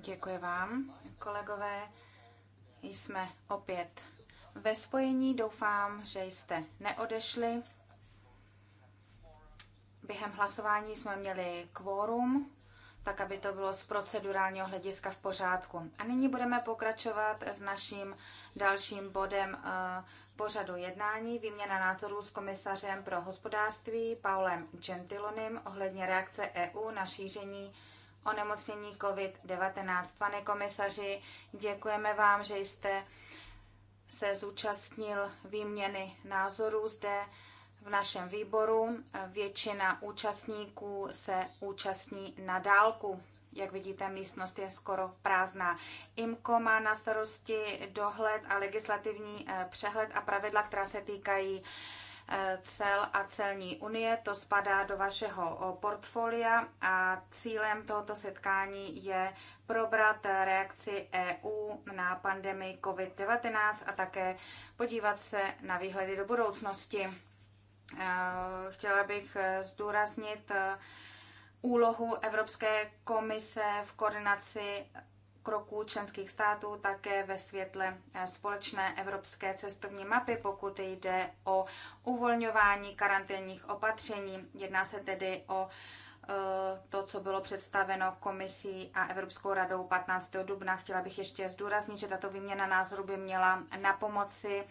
Děkuji vám, kolegové. Jsme opět ve spojení. Doufám, že jste neodešli. Během hlasování jsme měli kvórum, tak aby to bylo z procedurálního hlediska v pořádku. A nyní budeme pokračovat s naším dalším bodem eh, pořadu jednání výměna názorů s komisařem pro hospodářství Paulem Gentilonem ohledně reakce EU na šíření onemocnění COVID-19. Pane komisaři, děkujeme vám, že jste se zúčastnil výměny názorů zde v našem výboru. Většina účastníků se účastní na dálku. Jak vidíte, místnost je skoro prázdná. IMCO má na starosti dohled a legislativní eh, přehled a pravidla, která se týkají Eh, cel a celní unie. To spadá do vašeho eh, portfolia a cílem tohoto setkání je probrat eh, reakci EU na pandemii COVID-19 a také podívat se na výhledy do budoucnosti. Chtěla bych zdůraznit úlohu Evropské komise v koordinaci kroků členských států také ve světle eh, společné evropské cestovní mapy, pokud jde o uvolňování karanténních opatření. Jedná se tedy o Eh, to, co bylo představeno komisí a Evropskou radou 15. dubna. Chtěla bych ještě zdůraznit, že tato výměna názoru by měla na pomoci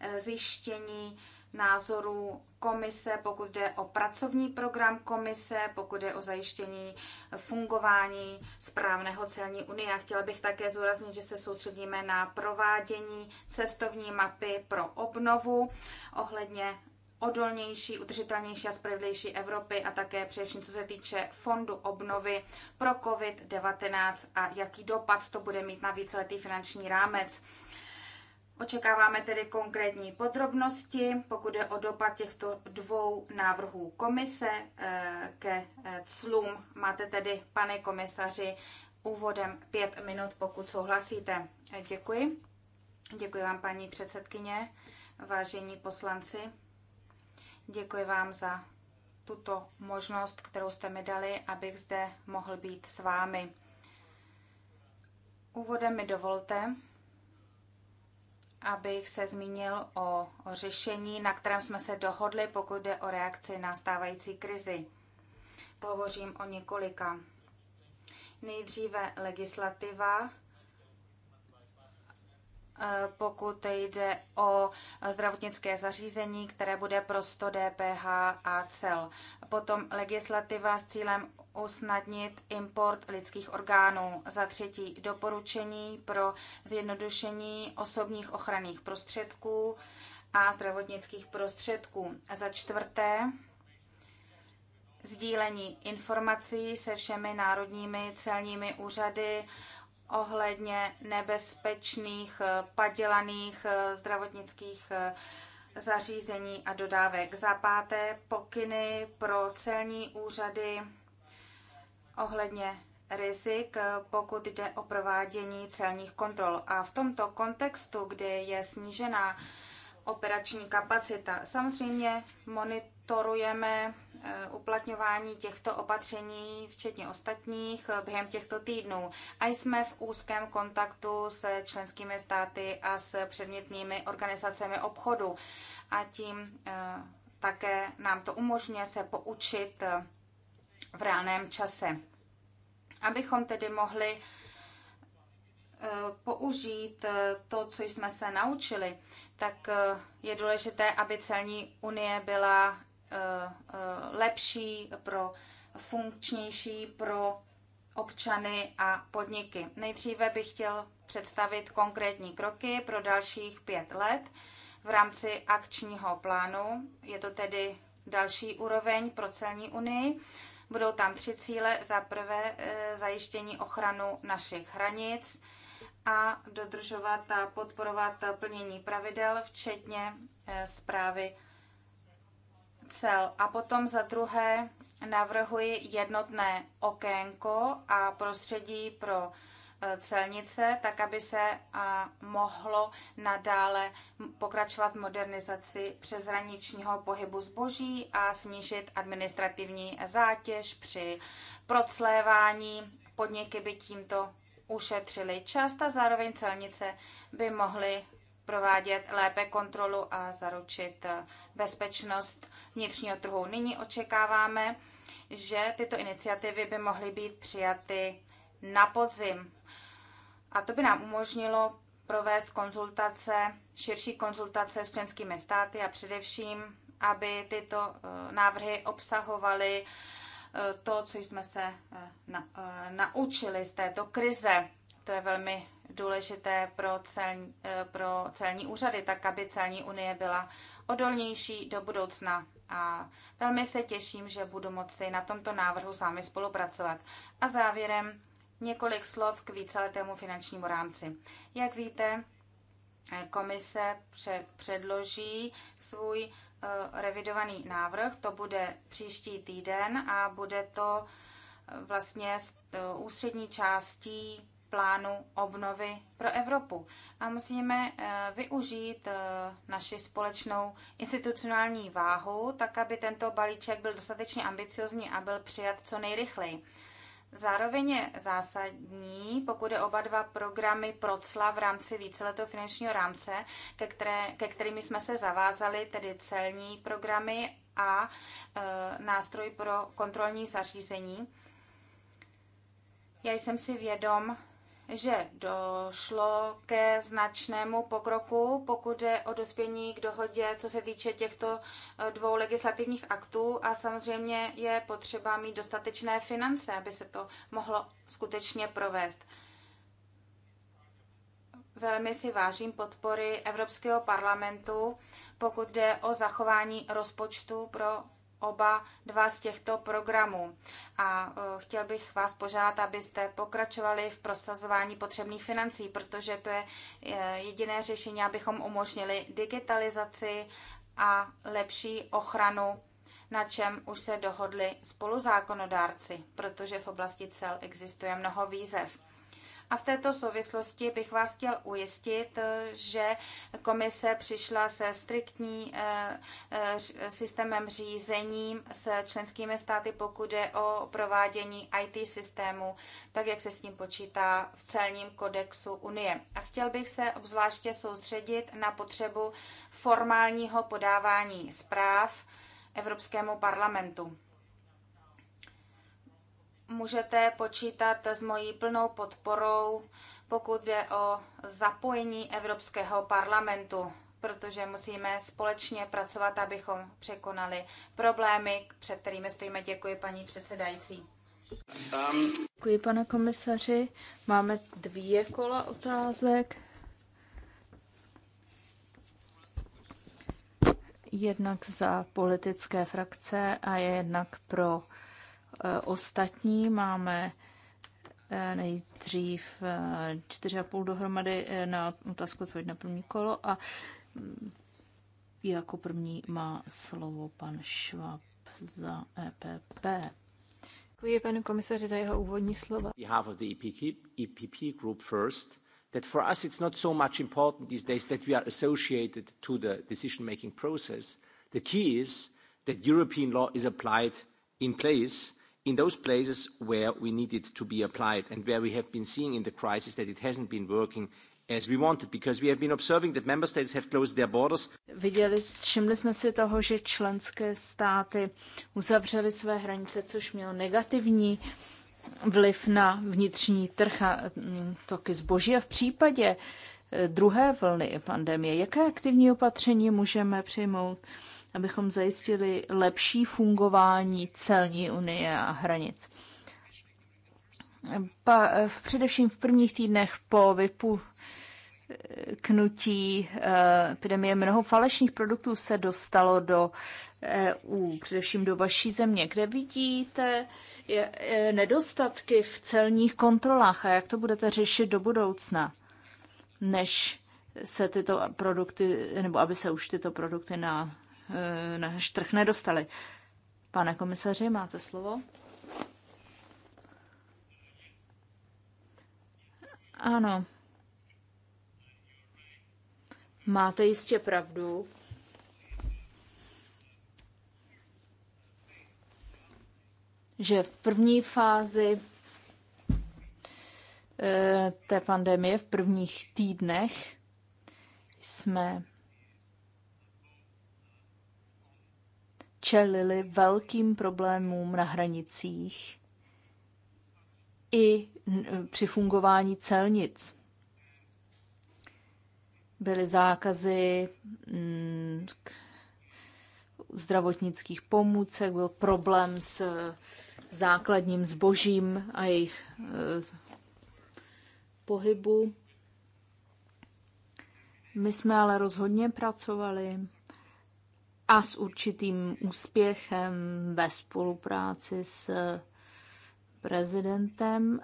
eh, zjištění názorů komise, pokud jde o pracovní program komise, pokud jde o zajištění fungování správného celní unie. A chtěla bych také zúraznit, že se soustředíme na provádění cestovní mapy pro obnovu ohledně odolnější, udržitelnější a spravedlivější Evropy a také především co se týče fondu obnovy pro COVID-19 a jaký dopad to bude mít na víceletý finanční rámec. Očekáváme tedy konkrétní podrobnosti, pokud je o dopad těchto dvou návrhů komise eh, ke eh, clům. Máte tedy, pane komisaři, úvodem pět minut, pokud souhlasíte. Eh, děkuji. Děkuji vám, paní předsedkyně, vážení poslanci. Děkuji vám za tuto možnost, kterou jste mi dali, abych zde mohl být s vámi. Úvodem mi dovolte, abych se zmínil o, o řešení, na kterém jsme se dohodli, pokud jde o reakci na stávající krizi. Pohovořím o několika. Nejdříve legislativa, Eh, pokud jde o zdravotnické zařízení, které bude prosto DPH a cel. Potom legislativa s cílem usnadnit import lidských orgánů. Za třetí doporučení pro zjednodušení osobních ochranných prostředků a zdravotnických prostředků. Za čtvrté sdílení informací se všemi národními celními úřady ohledně nebezpečných eh, padělaných eh, zdravotnických eh, zařízení a dodávek. Za páté pokyny pro celní úřady ohledně rizik, pokud jde o provádění celních kontrol. A v tomto kontextu, kdy je snížená operační kapacita, samozřejmě monitorujeme Eh, uplatňování těchto opatření, včetně ostatních, eh, během těchto týdnů. A jsme v úzkém kontaktu s členskými státy a s předmětnými organizacemi obchodu. A tím eh, také nám to umožňuje se poučit v reálném čase. Abychom tedy mohli použít to, co jsme se naučili, tak je důležité, aby celní unie byla Eh, lepší, pro funkčnější pro občany a podniky. Nejdříve bych chtěl představit konkrétní kroky pro dalších pět let v rámci akčního plánu. Je to tedy další úroveň pro celní unii. Budou tam tři cíle. Za prvé eh, zajištění ochranu našich hranic a dodržovat a podporovat plnění pravidel, včetně eh, zprávy cel. A potom za druhé navrhuji jednotné okénko a prostředí pro e, celnice, tak aby se e, mohlo nadále pokračovat modernizaci přeshraničního pohybu zboží a snížit administrativní zátěž při proclévání. Podniky by tímto ušetřily čas a zároveň celnice by mohly provádět lépe kontrolu a zaručit eh, bezpečnost vnitřního trhu. Nyní očekáváme, že tyto iniciativy by mohly být přijaty na podzim. A to by nám umožnilo provést konzultace, širší konzultace s členskými státy a především, aby tyto eh, návrhy obsahovaly eh, to, co jsme se naučili z této krize. To je velmi důležité pro cel, eh, pro celní úřady, tak aby celní unie byla odolnější do budoucna. A velmi se těším, že budu moci na tomto návrhu s vámi spolupracovat. A závěrem několik slov k víceletému finančnímu rámci. Jak víte, eh, komise předloží svůj eh, revidovaný návrh, to bude příští týden a bude to vlastně ústřední částí plánu obnovy pro Evropu. A musíme eh, využít eh, naši společnou institucionální váhu, tak aby tento balíček byl dostatečně ambiciozní a byl přijat co nejrychleji. Zároveň je zásadní, pokud je oba dva programy procla v rámci víceletého finančního rámce, ke, které, ke kterými jsme se zavázali, tedy celní programy a e, nástroj pro kontrolní zařízení. Já jsem si vědom že došlo ke značnému pokroku, pokud je o dospění k dohodě, co se týče těchto eh, dvou legislativních aktů a samozřejmě je potřeba mít dostatečné finance, aby se to mohlo skutečně provést. Velmi si vážím podpory Evropského parlamentu, pokud jde o zachování rozpočtu pro oba dva z těchto programů. A e, chtěl bych vás požádat, abyste pokračovali v prosazování potřebných financí, protože to je e, jediné řešení, abychom umožnili digitalizaci a lepší ochranu, na čem už se dohodli spoluzákonodárci, protože v oblasti cel existuje mnoho výzev. A v této souvislosti bych vás chtěl ujistit, že komise přišla se striktní eh, eh, systémem řízením s členskými státy, pokud je o provádění IT systému, tak jak se s tím počítá v celním kodexu Unie. A chtěl bych se obzvláště soustředit na potřebu formálního podávání zpráv Evropskému parlamentu můžete počítat s mojí plnou podporou, pokud jde o zapojení Evropského parlamentu, protože musíme společně pracovat, abychom překonali problémy, před kterými stojíme. Děkuji, paní předsedající. Um, Děkuji, pane komisaři. Máme dvě kola otázek. Jednak za politické frakce a je jednak pro Eh, ostatní. Máme eh, nejdřív 4,5 eh, dohromady na otázku odpověď na první kolo a mm, jako první má slovo pan Švab za EPP. Děkuji panu komisaři za jeho úvodní slova. Behalf of the EPP e group first, that for us it's not so much important these days that we are associated to the decision-making process. The key is that European law is applied in place in those places where we need it to be applied and where we have been seeing in the crisis that it hasn't been working as we wanted, because we have been observing that member states have closed their borders. Viděli, všimli jsme si toho, že členské státy uzavřely své hranice, což mělo negativní vliv na vnitřní trh a mm, toky zboží. A v případě eh, druhé vlny pandemie, jaké aktivní opatření můžeme přijmout? abychom zajistili lepší fungování celní unie a hranic. Pa, v, především v prvních týdnech po vypu knutí eh, epidemie mnoho falešných produktů se dostalo do EU, především do vaší země, kde vidíte eh, nedostatky v celních kontrolách a jak to budete řešit do budoucna, než se tyto produkty, nebo aby se už tyto produkty na Eh, náš trh nedostali. Pane komisaři, máte slovo. Ano. Máte jistě pravdu. že v první fázi eh, té pandemie, v prvních týdnech, jsme čelili velkým problémům na hranicích i e, při fungování celnic. Byly zákazy mm, zdravotnických pomůcek, byl problém s e, základním zbožím a jejich e, pohybu. My jsme ale rozhodně pracovali a s určitým úspěchem ve spolupráci s prezidentem,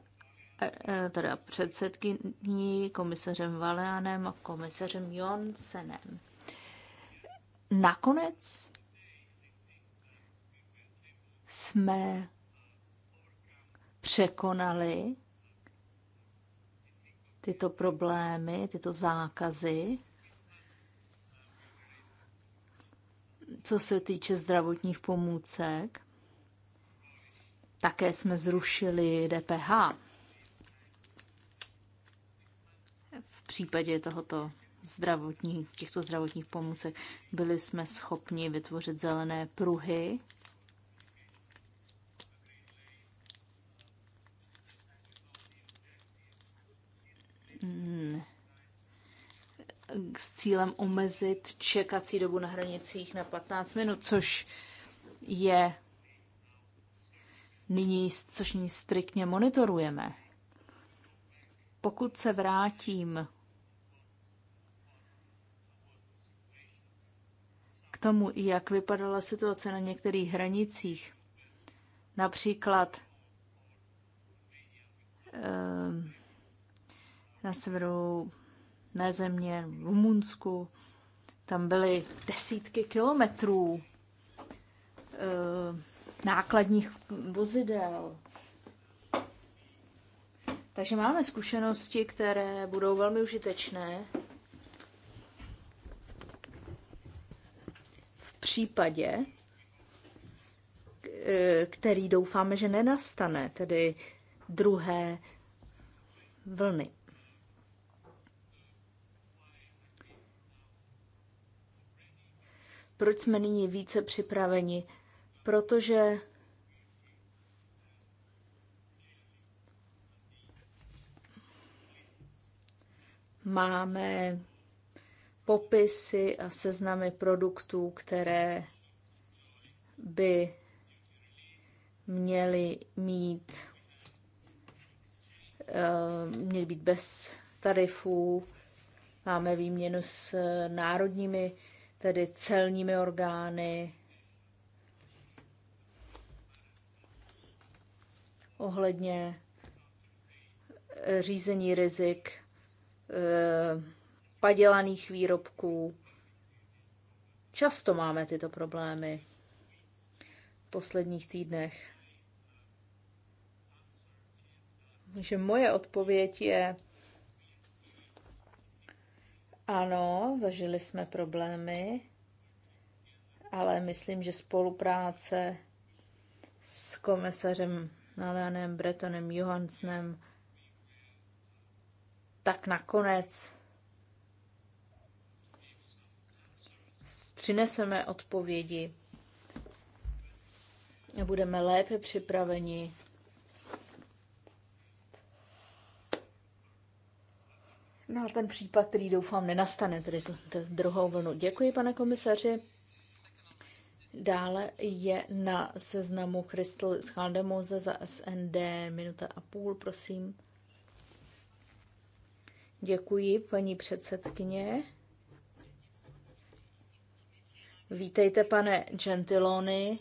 e, e, teda předsedkyní, komisařem Valeanem a komisařem Jonsenem. Nakonec jsme překonali tyto problémy, tyto zákazy co se týče zdravotních pomůcek, také jsme zrušili DPH v případě tohoto zdravotní, těchto zdravotních pomůcek. Byli jsme schopni vytvořit zelené pruhy, Hmm s cílem omezit čekací dobu na hranicích na 15 minut, což je nyní, což nyní striktně monitorujeme. Pokud se vrátím k tomu, jak vypadala situace na některých hranicích, například ehm, na severu mé země, v Rumunsku. Tam byly desítky kilometrů e, nákladních vozidel. Takže máme zkušenosti, které budou velmi užitečné v případě, eh, který doufáme, že nenastane, tedy druhé vlny. Proč jsme nyní více připraveni? Protože máme popisy a seznamy produktů, které by měly mít eh, měly být bez tarifů. Máme výměnu s národními tedy celními orgány, ohledně eh, řízení rizik, eh, padělaných výrobků. Často máme tyto problémy v posledních týdnech. Takže moje odpověď je, ano, zažili jsme problémy, ale myslím, že spolupráce s komisařem Nalanem Bretonem Johansnem tak nakonec přineseme odpovědi a budeme lépe připraveni na ten případ, který doufám nenastane, tedy tu, tu druhou vlnu. Děkuji, pane komisaři. Dále je na seznamu Crystal Schaldemose za SND minuta a půl, prosím. Děkuji, paní předsedkyně. Vítejte, pane Gentiloni.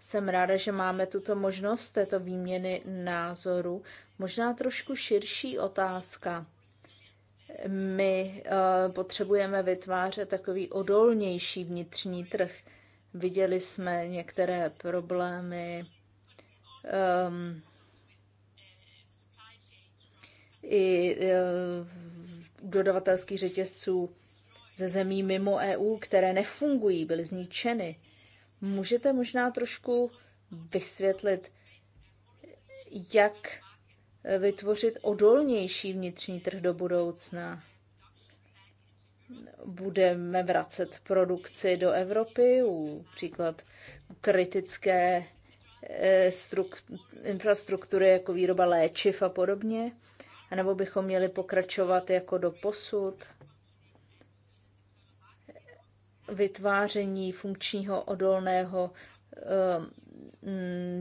Jsem ráda, že máme tuto možnost této výměny názoru. Možná trošku širší otázka my eh, potřebujeme vytvářet takový odolnější vnitřní trh. Viděli jsme některé problémy um, i uh, dodavatelských řetězců ze zemí mimo EU, které nefungují, byly zničeny. Můžete možná trošku vysvětlit, jak vytvořit odolnější vnitřní trh do budoucna. Budeme vracet produkci do Evropy, u příklad kritické eh, infrastruktury jako výroba léčiv a podobně, anebo bychom měli pokračovat jako do posud vytváření funkčního odolného eh,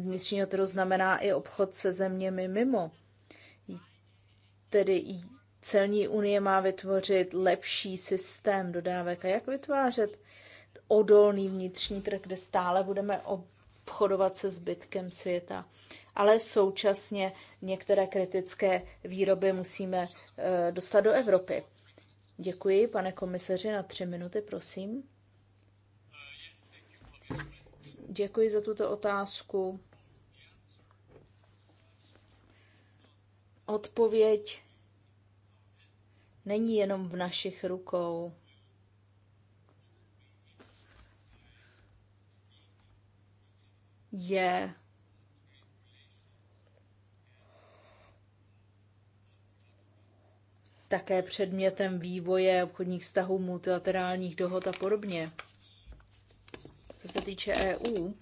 vnitřního trhu znamená i obchod se zeměmi mimo tedy celní unie má vytvořit lepší systém dodávek a jak vytvářet odolný vnitřní trh, kde stále budeme obchodovat se zbytkem světa. Ale současně některé kritické výroby musíme eh, dostat do Evropy. Děkuji, pane komisaři, na tři minuty, prosím. Děkuji za tuto otázku. odpověď není jenom v našich rukou. Je také předmětem vývoje obchodních vztahů, multilaterálních dohod a podobně. Co se týče EU,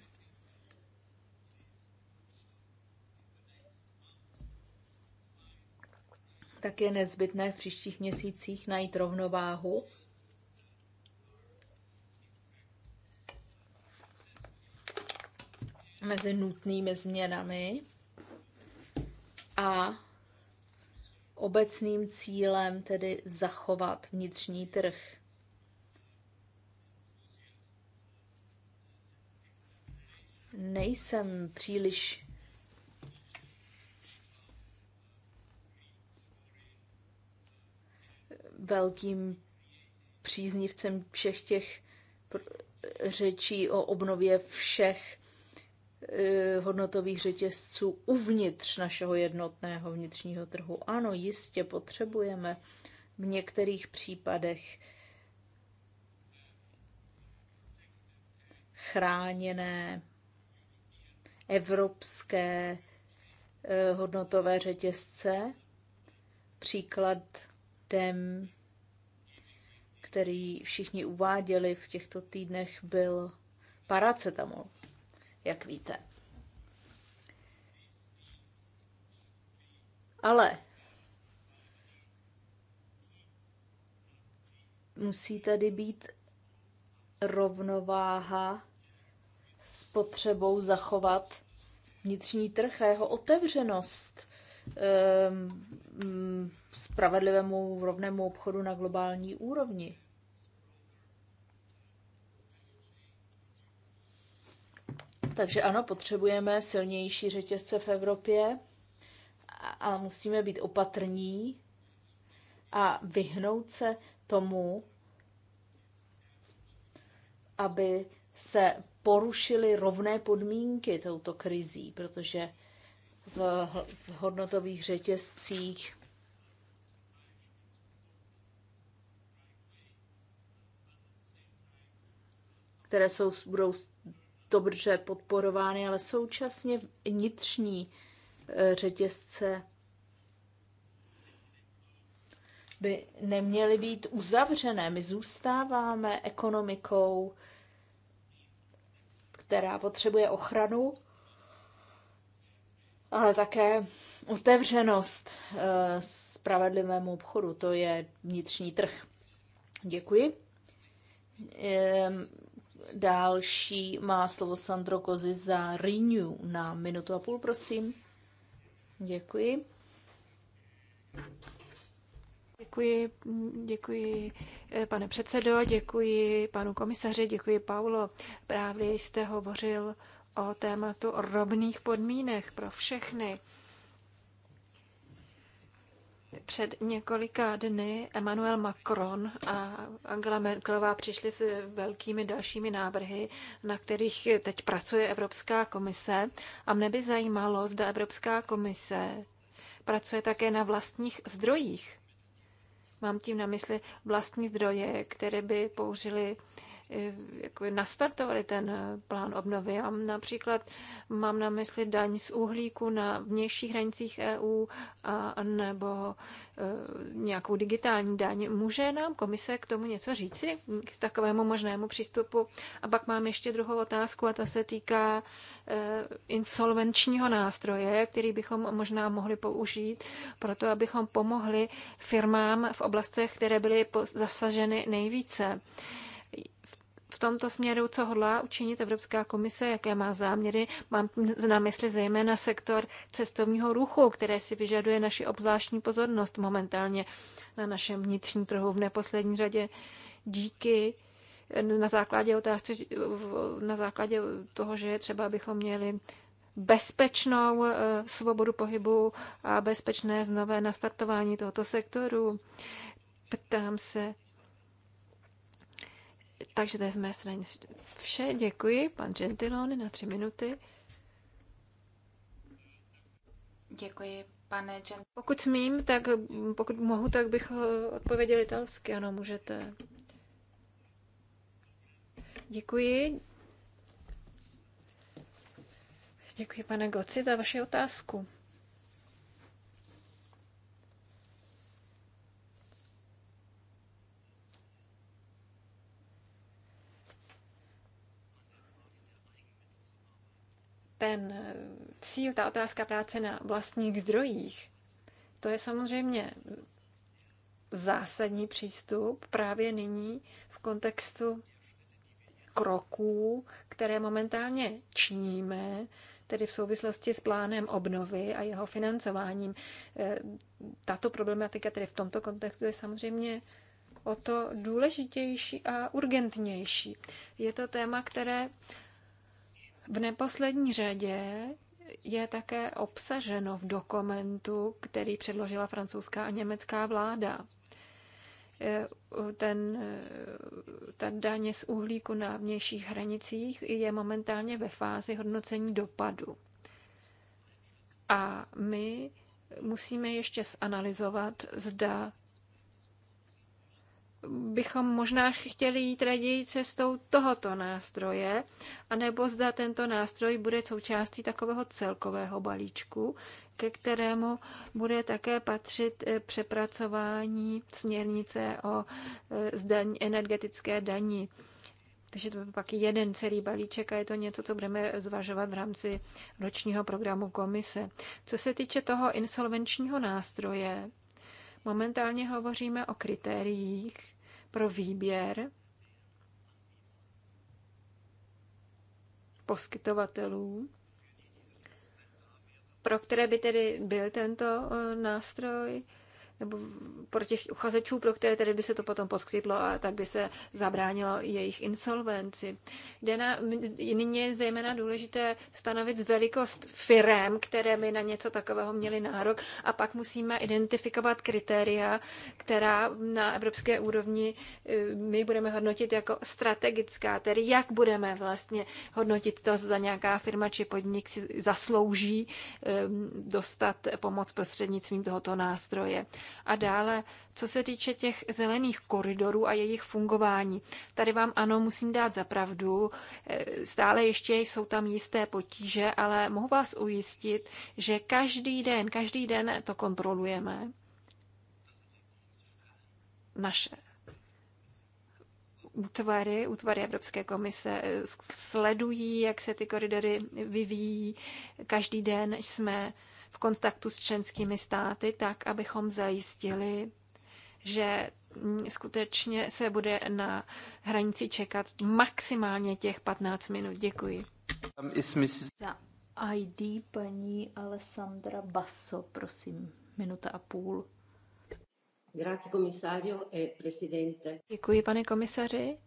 tak je nezbytné v příštích měsících najít rovnováhu mezi nutnými změnami a obecným cílem tedy zachovat vnitřní trh. Nejsem příliš velkým příznivcem všech těch eh, řečí o obnově všech eh, hodnotových řetězců uvnitř našeho jednotného vnitřního trhu. Ano, jistě potřebujeme v některých případech chráněné evropské eh, hodnotové řetězce. Příklad důvodem, který všichni uváděli v těchto týdnech, byl paracetamol, jak víte. Ale musí tady být rovnováha s potřebou zachovat vnitřní trh a jeho otevřenost Ehm, mm, spravedlivému rovnému obchodu na globální úrovni. Takže ano, potřebujeme silnější řetězce v Evropě a musíme být opatrní a vyhnout se tomu, aby se porušily rovné podmínky touto krizí, protože v hodnotových řetězcích. které jsou, budou dobře podporovány, ale současně vnitřní e, řetězce by neměly být uzavřené. My zůstáváme ekonomikou, která potřebuje ochranu ale také otevřenost eh, spravedlivému obchodu. To je vnitřní trh. Děkuji. Ehm, další má slovo Sandro Kozy za Renew na minutu a půl, prosím. Děkuji. Děkuji, děkuji eh, pane předsedo, děkuji panu komisaři, děkuji Paulo. Právě jste hovořil o tématu rovných podmínek pro všechny. Před několika dny Emmanuel Macron a Angela Merkelová přišli s velkými dalšími návrhy, na kterých teď pracuje Evropská komise. A mne by zajímalo, zda Evropská komise pracuje také na vlastních zdrojích. Mám tím na mysli vlastní zdroje, které by použili jakoby nastartovali ten eh, plán obnovy. Já například mám na mysli daň z uhlíku na vnějších hranicích EU a, nebo eh, nějakou digitální daň. Může nám komise k tomu něco říci, k takovému možnému přístupu? A pak mám ještě druhou otázku a ta se týká eh, insolvenčního nástroje, který bychom možná mohli použít pro to, abychom pomohli firmám v oblastech, které byly zasaženy nejvíce v tomto směru, co hodlá učinit Evropská komise, jaké má záměry. Mám na mysli zejména sektor cestovního ruchu, které si vyžaduje naši obzvláštní pozornost momentálně na našem vnitřním trhu v neposlední řadě díky na základě otázky, na základě toho, že třeba, bychom měli bezpečnou eh, svobodu pohybu a bezpečné znové nastartování tohoto sektoru. Ptám se, takže to je z mé strany vše. Děkuji. Pan Gentiloni na tři minuty. Děkuji, pane Gentiloni. Pokud smím, tak pokud mohu, tak bych eh, odpověděl italsky. Ano, můžete. Děkuji. Děkuji, pane Goci, za vaši otázku. ten eh, cíl, ta otázka práce na vlastních zdrojích, to je samozřejmě zásadní přístup právě nyní v kontextu kroků, které momentálně činíme, tedy v souvislosti s plánem obnovy a jeho financováním. Eh, tato problematika tedy v tomto kontextu je samozřejmě o to důležitější a urgentnější. Je to téma, které v neposlední řadě je také obsaženo v dokumentu, který předložila francouzská a německá vláda. E, ten, e, ta daně z uhlíku na vnějších hranicích je momentálně ve fázi hodnocení dopadu. A my musíme ještě zanalizovat, zda bychom možná chtěli jít raději cestou tohoto nástroje, anebo zda tento nástroj bude součástí takového celkového balíčku, ke kterému bude také patřit eh, přepracování směrnice o eh, zdaň, energetické daní. Takže to je pak jeden celý balíček a je to něco, co budeme zvažovat v rámci ročního programu komise. Co se týče toho insolvenčního nástroje, Momentálně hovoříme o kritériích pro výběr poskytovatelů, pro které by tedy byl tento eh, nástroj nebo pro těch uchazečů, pro které tedy by se to potom poskytlo a tak by se zabránilo jejich insolvenci. Jde na, nyní je zejména důležité stanovit velikost firem, které by na něco takového měly nárok a pak musíme identifikovat kritéria, která na evropské úrovni eh, my budeme hodnotit jako strategická, tedy jak budeme vlastně hodnotit to, zda nějaká firma či podnik si zaslouží eh, dostat pomoc prostřednictvím tohoto nástroje. A dále, co se týče těch zelených koridorů a jejich fungování, tady vám ano, musím dát za pravdu, eh, stále ještě jsou tam jisté potíže, ale mohu vás ujistit, že každý den, každý den to kontrolujeme. Naše útvary, útvary Evropské komise eh, sledují, jak se ty koridory vyvíjí. Každý den jsme v kontaktu s členskými státy, tak abychom zajistili, že skutečně se bude na hranici čekat maximálně těch 15 minut. Děkuji. Za ID paní Alessandra Basso, prosím, minuta a půl. E Děkuji, pane komisaři.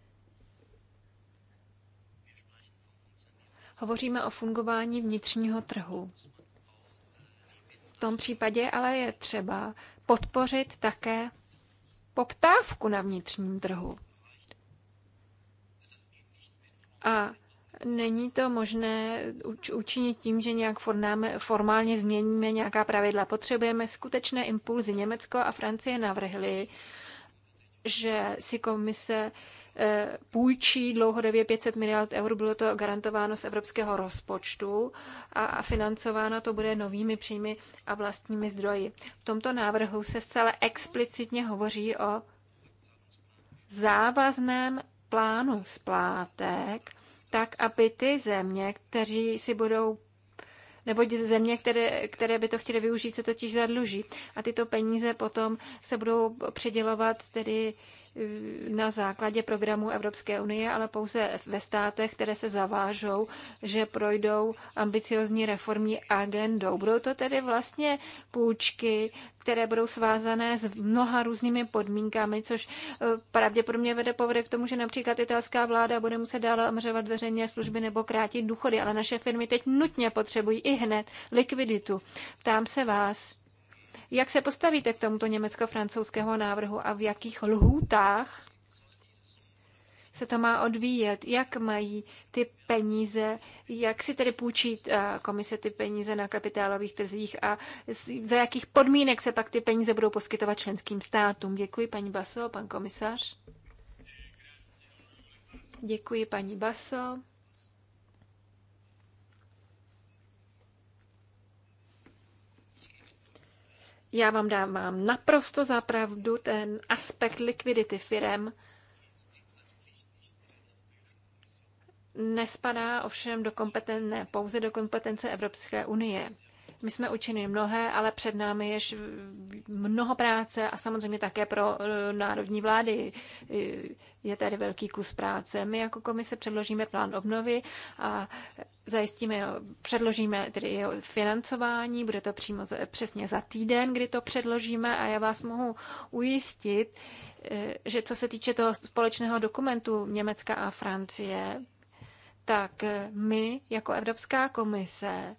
Hovoříme o fungování vnitřního trhu. V tom případě ale je třeba podpořit také poptávku na vnitřním trhu. A není to možné učinit tím, že nějak formálně změníme nějaká pravidla. Potřebujeme skutečné impulzy. Německo a Francie navrhly, že si komise Eh, půjčí dlouhodobě 500 miliard eur, bylo to garantováno z evropského rozpočtu a financováno to bude novými příjmy a vlastními zdroji. V tomto návrhu se zcela explicitně hovoří o závazném plánu splátek, tak aby ty země, kteří si budou nebo země, které, které by to chtěly využít, se totiž zadluží. A tyto peníze potom se budou předělovat tedy uh, na základě programu Evropské unie, ale pouze ve státech, které se zavážou, že projdou ambiciozní reformní agendou. Budou to tedy vlastně půjčky, které budou svázané s mnoha různými podmínkami, což eh, pravděpodobně vede povede k tomu, že například italská vláda bude muset dále omřevat veřejné služby nebo krátit důchody, ale naše firmy teď nutně potřebují i hned likviditu. Ptám se vás, jak se postavíte k tomuto německo-francouzského návrhu a v jakých lhůtách se to má odvíjet, jak mají ty peníze, jak si tedy půjčí eh, komise ty peníze na kapitálových trzích a za jakých podmínek se pak ty peníze budou poskytovat členským státům. Děkuji, paní Baso, pan komisař. Děkuji, paní Baso. Já vám dávám naprosto zapravdu ten aspekt likvidity firem. Nespadá ovšem do kompetence, pouze do kompetence Evropské unie. My jsme učinili mnohé, ale před námi ještě mnoho práce a samozřejmě také pro e, národní vlády e, je tady velký kus práce. My jako komise předložíme plán obnovy a zajistíme, e, předložíme tedy jeho financování, bude to přímo přesně za týden, kdy to předložíme a já vás mohu ujistit, že co se týče toho společného dokumentu Německa a Francie, tak my jako Evropská komise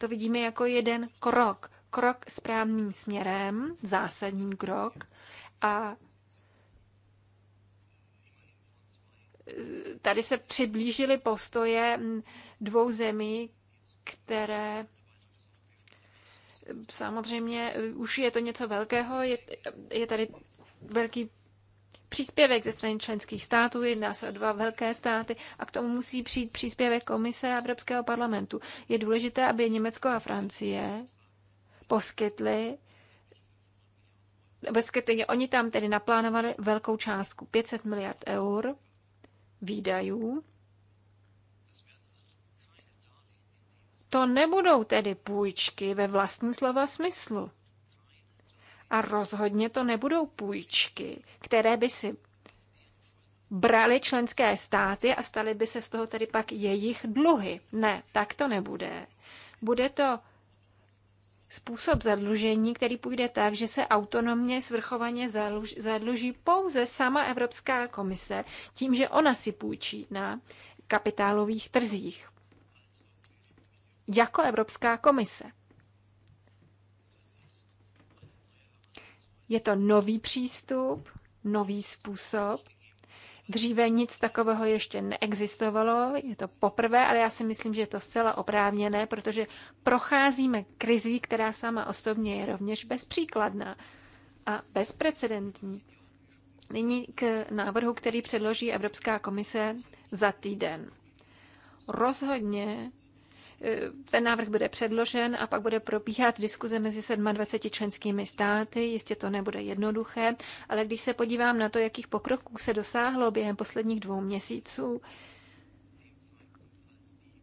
to vidíme jako jeden krok. Krok správným směrem, zásadní krok. A tady se přiblížily postoje dvou zemí, které samozřejmě už je to něco velkého, je, je tady velký příspěvek ze strany členských států, jedná se o dva velké státy a k tomu musí přijít příspěvek Komise a Evropského parlamentu. Je důležité, aby Německo a Francie poskytly bezkytně, oni tam tedy naplánovali velkou částku, 500 miliard eur výdajů. To nebudou tedy půjčky ve vlastním slova smyslu. A rozhodně to nebudou půjčky, které by si brali členské státy a staly by se z toho tedy pak jejich dluhy. Ne, tak to nebude. Bude to způsob zadlužení, který půjde tak, že se autonomně svrchovaně zadluží pouze sama Evropská komise tím, že ona si půjčí na kapitálových trzích. Jako Evropská komise. Je to nový přístup, nový způsob. Dříve nic takového ještě neexistovalo, je to poprvé, ale já si myslím, že je to zcela oprávněné, protože procházíme krizí, která sama osobně je rovněž bezpříkladná a bezprecedentní. Nyní k návrhu, který předloží Evropská komise za týden. Rozhodně ten návrh bude předložen a pak bude probíhat diskuze mezi 27 členskými státy. Jistě to nebude jednoduché, ale když se podívám na to, jakých pokroků se dosáhlo během posledních dvou měsíců,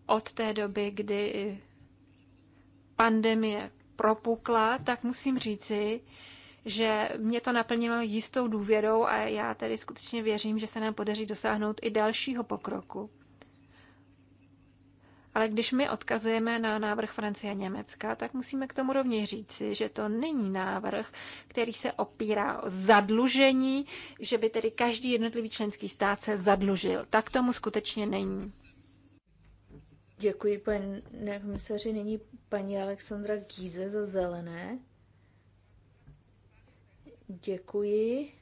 od té doby, kdy pandemie propukla, tak musím říci, že mě to naplnilo jistou důvěrou a já tedy skutečně věřím, že se nám podaří dosáhnout i dalšího pokroku. Ale když my odkazujeme na návrh Francie a Německa, tak musíme k tomu rovněž říci, že to není návrh, který se opírá o zadlužení, že by tedy každý jednotlivý členský stát se zadlužil. Tak tomu skutečně není. Děkuji, paní komisaři. Nyní paní Alexandra Gíze za zelené. Děkuji.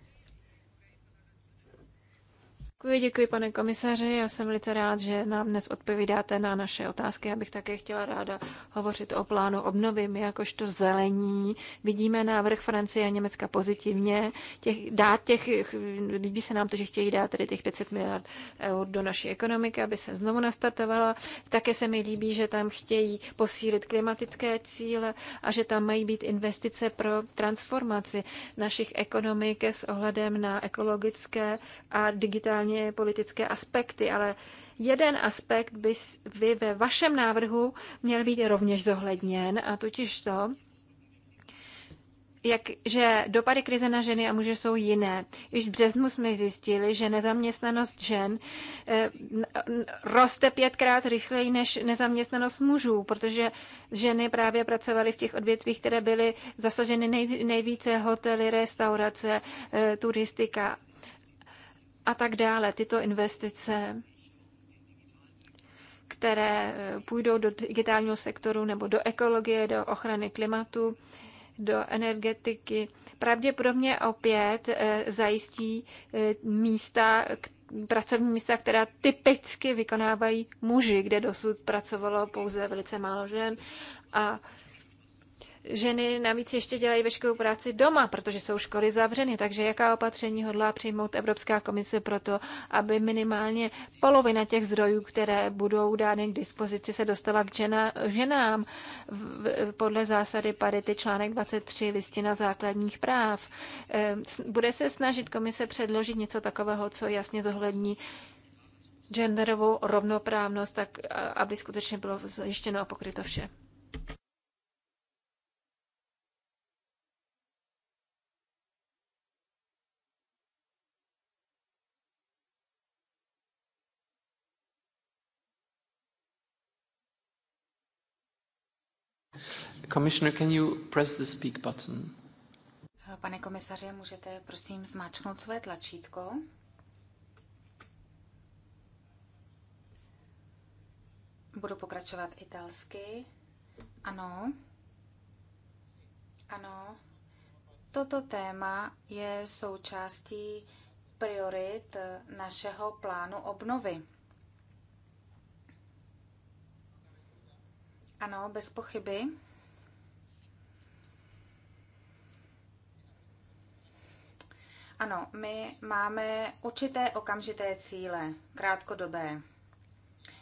Děkuji, děkuji, pane komisaři. Já jsem velice rád, že nám dnes odpovídáte na naše otázky. Já bych také chtěla ráda hovořit o plánu obnovy. My jakožto zelení vidíme návrh Francie a Německa pozitivně. Těch, dát těch, líbí se nám to, že chtějí dát tedy těch 500 miliard eur do naší ekonomiky, aby se znovu nastartovala. Také se mi líbí, že tam chtějí posílit klimatické cíle a že tam mají být investice pro transformaci našich ekonomik s ohledem na ekologické a digitální samozřejmě politické aspekty, ale jeden aspekt by vy ve vašem návrhu měl být rovněž zohledněn, a totiž to, jak, že dopady krize na ženy a muže jsou jiné. Již v březnu jsme zjistili, že nezaměstnanost žen eh, roste pětkrát rychleji než nezaměstnanost mužů, protože ženy právě pracovaly v těch odvětvích, které byly zasaženy nej, nejvíce hotely, restaurace, eh, turistika a tak dále. Tyto investice, které eh, půjdou do digitálního sektoru nebo do ekologie, do ochrany klimatu, do energetiky, pravděpodobně opět eh, zajistí eh, místa, pracovní místa, která typicky vykonávají muži, kde dosud pracovalo pouze velice málo žen a Ženy navíc ještě dělají veškerou práci doma, protože jsou školy zavřeny, takže jaká opatření hodlá přijmout Evropská komise pro to, aby minimálně polovina těch zdrojů, které budou dány k dispozici, se dostala k žena, ženám v, podle zásady parity článek 23 listina základních práv. Ehm, bude se snažit komise předložit něco takového, co jasně zohlední genderovou rovnoprávnost, tak aby skutečně bylo zajištěno a pokryto vše. Commissioner, can you press the speak button? Pane komisaře, můžete prosím zmáčknout své tlačítko? Budu pokračovat italsky. Ano. Ano. Toto téma je součástí priorit našeho plánu obnovy. Ano, bez pochyby. Ano, my máme určité okamžité cíle, krátkodobé.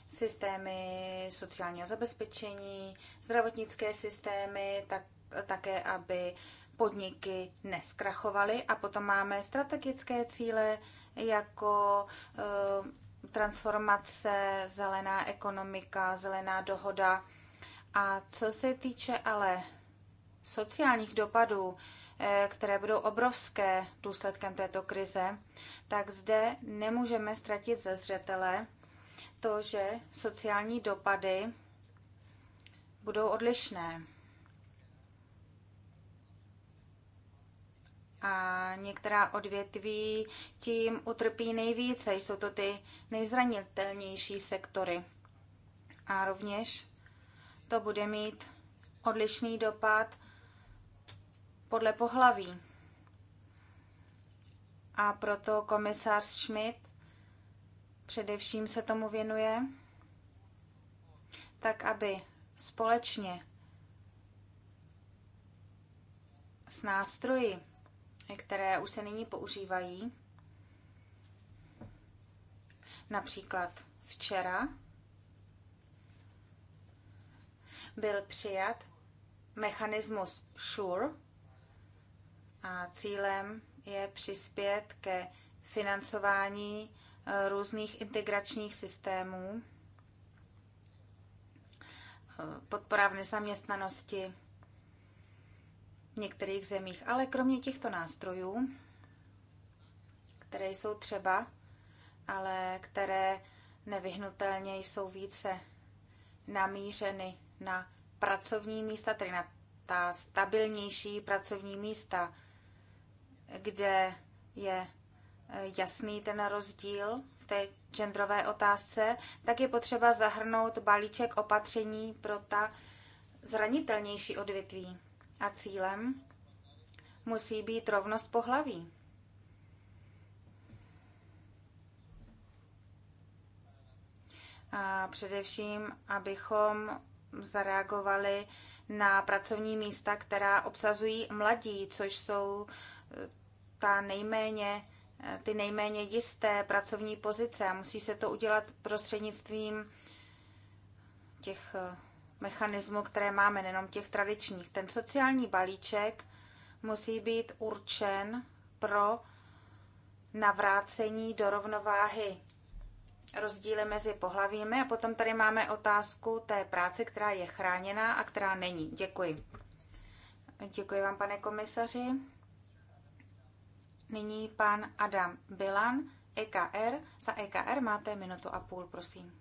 Systémy sociálního zabezpečení, zdravotnické systémy, tak, také aby podniky neskrachovaly. A potom máme strategické cíle jako e, transformace, zelená ekonomika, zelená dohoda. A co se týče ale sociálních dopadů, Eh, které budou obrovské důsledkem této krize, tak zde nemůžeme ztratit ze zřetele to, že sociální dopady budou odlišné. a některá odvětví tím utrpí nejvíce. Jsou to ty nejzranitelnější sektory. A rovněž to bude mít odlišný dopad podle pohlaví. A proto komisář Schmidt především se tomu věnuje, tak aby společně s nástroji, které už se nyní používají, například včera byl přijat mechanismus SURE, a cílem je přispět ke financování eh, různých integračních systémů, eh, podpora v nezaměstnanosti v některých zemích. Ale kromě těchto nástrojů, které jsou třeba, ale které nevyhnutelně jsou více namířeny na pracovní místa, tedy na ta stabilnější pracovní místa, kde je eh, jasný ten rozdíl v té genderové otázce, tak je potřeba zahrnout balíček opatření pro ta zranitelnější odvětví. A cílem musí být rovnost pohlaví. A především, abychom zareagovali na pracovní místa, která obsazují mladí, což jsou ta nejméně, ty nejméně jisté pracovní pozice a musí se to udělat prostřednictvím těch eh, mechanismů, které máme, nejenom těch tradičních. Ten sociální balíček musí být určen pro navrácení do rovnováhy rozdíly mezi pohlavími a potom tady máme otázku té práce, která je chráněná a která není. Děkuji. Děkuji vám, pane komisaři. Nyní pan Adam Bilan, EKR. Za EKR máte minutu a půl, prosím.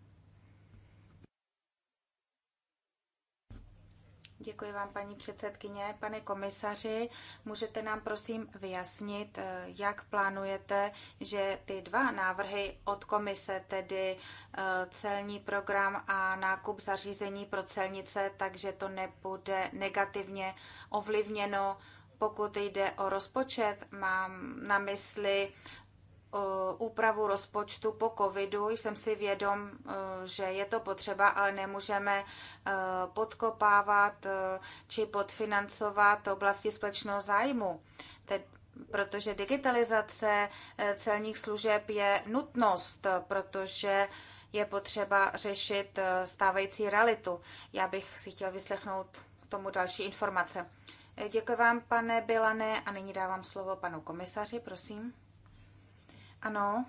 Děkuji vám, paní předsedkyně. Pane komisaři, můžete nám prosím vyjasnit, eh, jak plánujete, že ty dva návrhy od komise, tedy eh, celní program a nákup zařízení pro celnice, takže to nebude negativně ovlivněno pokud jde o rozpočet, mám na mysli eh, úpravu rozpočtu po covidu. Jsem si vědom, eh, že je to potřeba, ale nemůžeme eh, podkopávat či podfinancovat oblasti společného zájmu. protože digitalizace celních služeb je nutnost, protože je potřeba řešit stávající realitu. Já bych si chtěl vyslechnout k tomu další informace. Děkuji vám, pane Bilané, a nyní dávám slovo panu komisaři, prosím. Ano.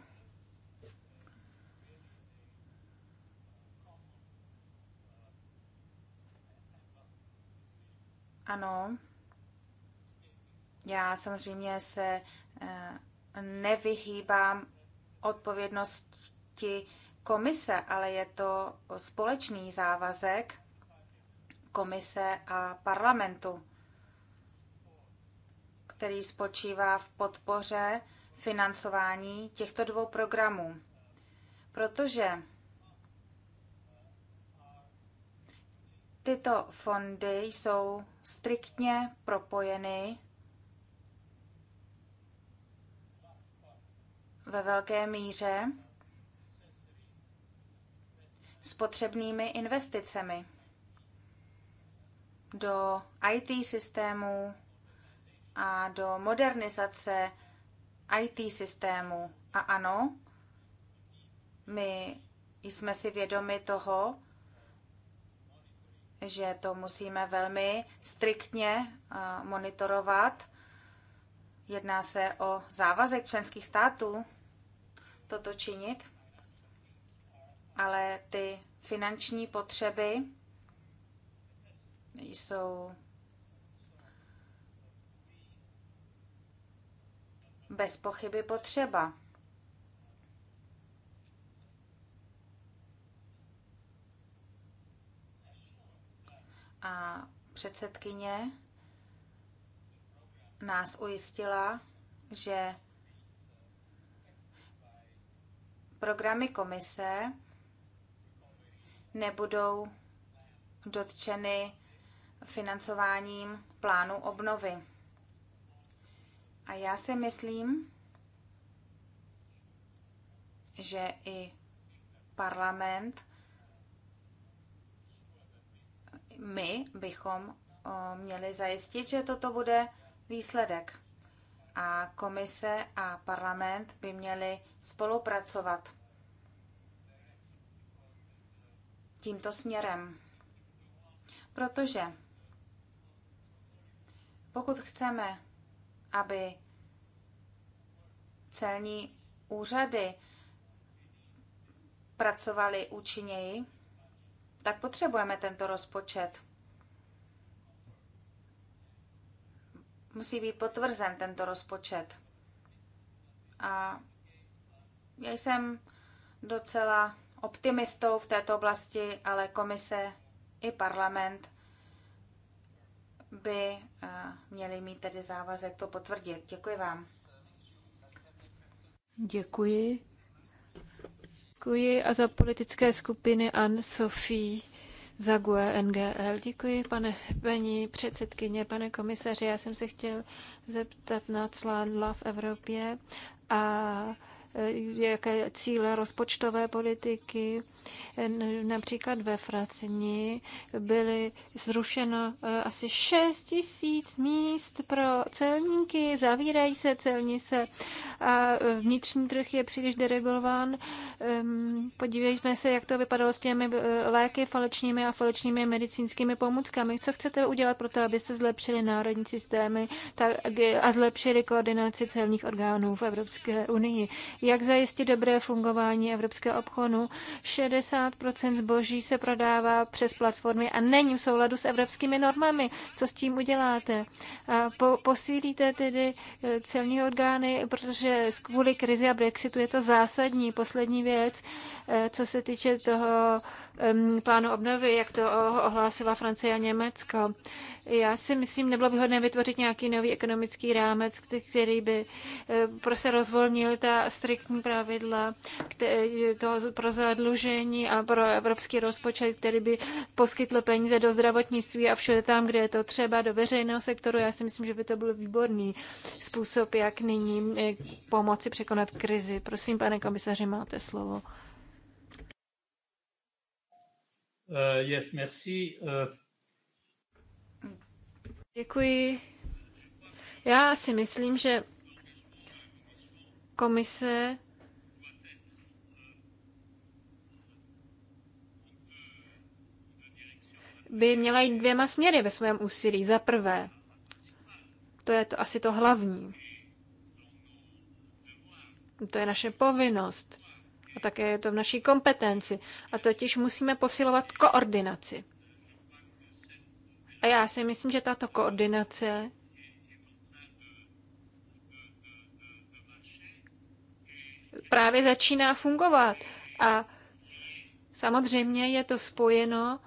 Ano. Já samozřejmě se eh, nevyhýbám odpovědnosti komise, ale je to společný závazek komise a parlamentu který spočívá v podpoře financování těchto dvou programů. Protože tyto fondy jsou striktně propojeny ve velké míře s potřebnými investicemi do IT systémů, a do modernizace IT systému. A ano, my jsme si vědomi toho, že to musíme velmi striktně eh, monitorovat. Jedná se o závazek členských států toto činit, ale ty finanční potřeby jsou bez pochyby potřeba. A předsedkyně nás ujistila, že programy komise nebudou dotčeny financováním plánu obnovy. A já si myslím, že i parlament, my bychom eh, měli zajistit, že toto bude výsledek. A komise a parlament by měli spolupracovat tímto směrem. Protože pokud chceme aby celní úřady pracovaly účinněji, tak potřebujeme tento rozpočet. Musí být potvrzen tento rozpočet. A já jsem docela optimistou v této oblasti, ale komise i parlament by eh, měli mít tedy závazek to potvrdit. Děkuji vám. Děkuji. Děkuji a za politické skupiny Anne-Sophie Zague NGL. Děkuji, pane paní předsedkyně, pane komisaři. Já jsem se chtěl zeptat na cládla v Evropě a eh, jaké cíle rozpočtové politiky Například ve Fracni byly zrušeno e, asi 6 tisíc míst pro celníky, zavírají se celnice a e, vnitřní trh je příliš deregulován. Podívejme se, jak to vypadalo s těmi e, léky falečními a falečními medicínskými pomůckami. Co chcete udělat pro to, abyste zlepšili národní systémy a zlepšili koordinaci celních orgánů v Evropské unii? Jak zajistit dobré fungování evropského obchodu? 60 zboží se prodává přes platformy a není v souladu s evropskými normami. Co s tím uděláte? A po, posílíte tedy eh, celní orgány, protože kvůli krizi a Brexitu je to zásadní. Poslední věc, eh, co se týče toho plánu obnovy, jak to ohlásila Francie a Německo. Já si myslím, nebylo vhodné vytvořit nějaký nový ekonomický rámec, který by eh, prostě rozvolnil ta striktní pravidla to pro zadlužení a pro evropský rozpočet, který by poskytl peníze do zdravotnictví a všude tam, kde je to třeba, do veřejného sektoru. Já si myslím, že by to byl výborný způsob, jak nyní eh, pomoci překonat krizi. Prosím, pane komisaři, máte slovo. Uh, yes, merci. Uh... Děkuji. Já si myslím, že komise by měla jít dvěma směry ve svém úsilí. Za prvé, to je to asi to hlavní. To je naše povinnost a také je to v naší kompetenci. A totiž musíme posilovat koordinaci. A já si myslím, že tato koordinace právě začíná fungovat. A samozřejmě je to spojeno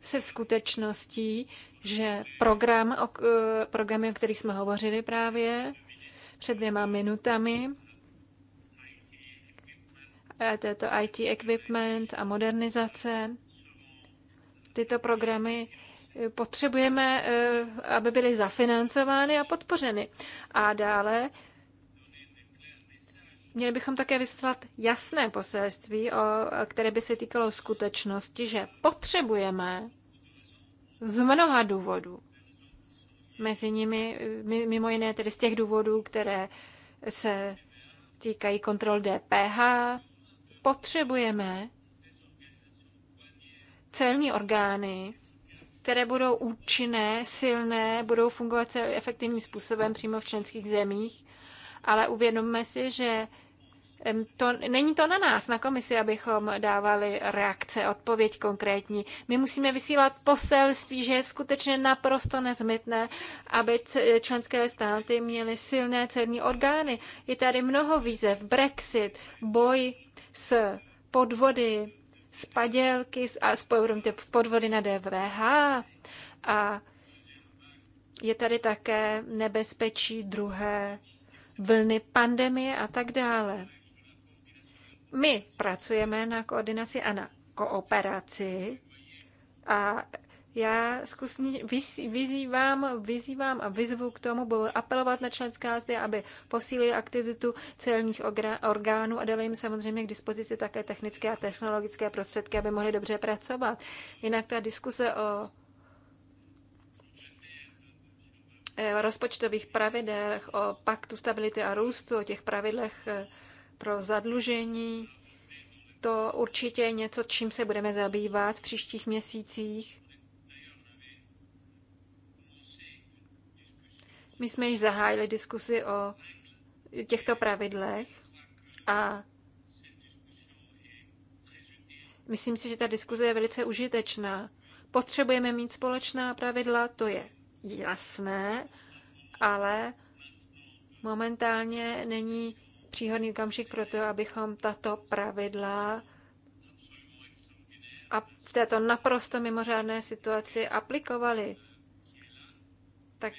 se skutečností, že program, eh, programy, o kterých jsme hovořili právě před dvěma minutami, Eh, této IT equipment a modernizace. Tyto programy eh, potřebujeme, eh, aby byly zafinancovány a podpořeny. A dále měli bychom také vyslat jasné poselství, které by se týkalo skutečnosti, že potřebujeme z mnoha důvodů, mezi nimi mimo jiné tedy z těch důvodů, které se týkají kontrol DPH, potřebujeme celní orgány, které budou účinné, silné, budou fungovat celý efektivním způsobem přímo v členských zemích, ale uvědomme si, že to, není to na nás, na komisi, abychom dávali reakce, odpověď konkrétní. My musíme vysílat poselství, že je skutečně naprosto nezmytné, aby členské státy měly silné celní orgány. Je tady mnoho výzev, Brexit, boj s podvody, s padělky, a s podvody na DVH a je tady také nebezpečí druhé vlny pandemie a tak dále. My pracujeme na koordinaci a na kooperaci a já zkusně vyzývám, vyzývám a vyzvu k tomu, budu apelovat na členská zde, aby posílili aktivitu celních orgánů a dali jim samozřejmě k dispozici také technické a technologické prostředky, aby mohli dobře pracovat. Jinak ta diskuse o eh, rozpočtových pravidlech, o paktu stability a růstu, o těch pravidlech eh, pro zadlužení, to určitě je něco, čím se budeme zabývat v příštích měsících My jsme již zahájili diskusi o těchto pravidlech a myslím si, že ta diskuze je velice užitečná. Potřebujeme mít společná pravidla, to je jasné, ale momentálně není příhodný okamžik pro to, abychom tato pravidla a v této naprosto mimořádné situaci aplikovali. Tak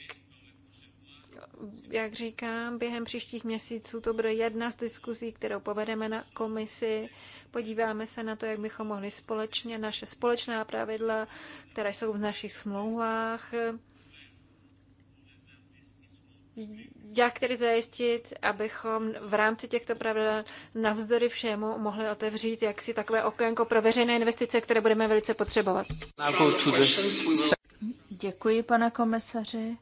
jak říkám, během příštích měsíců to bude jedna z diskuzí, kterou povedeme na komisi. Podíváme se na to, jak bychom mohli společně naše společná pravidla, která jsou v našich smlouvách, jak tedy zajistit, abychom v rámci těchto pravidel navzdory všemu mohli otevřít jaksi takové okénko pro veřejné investice, které budeme velice potřebovat. Děkuji, pane komisaři.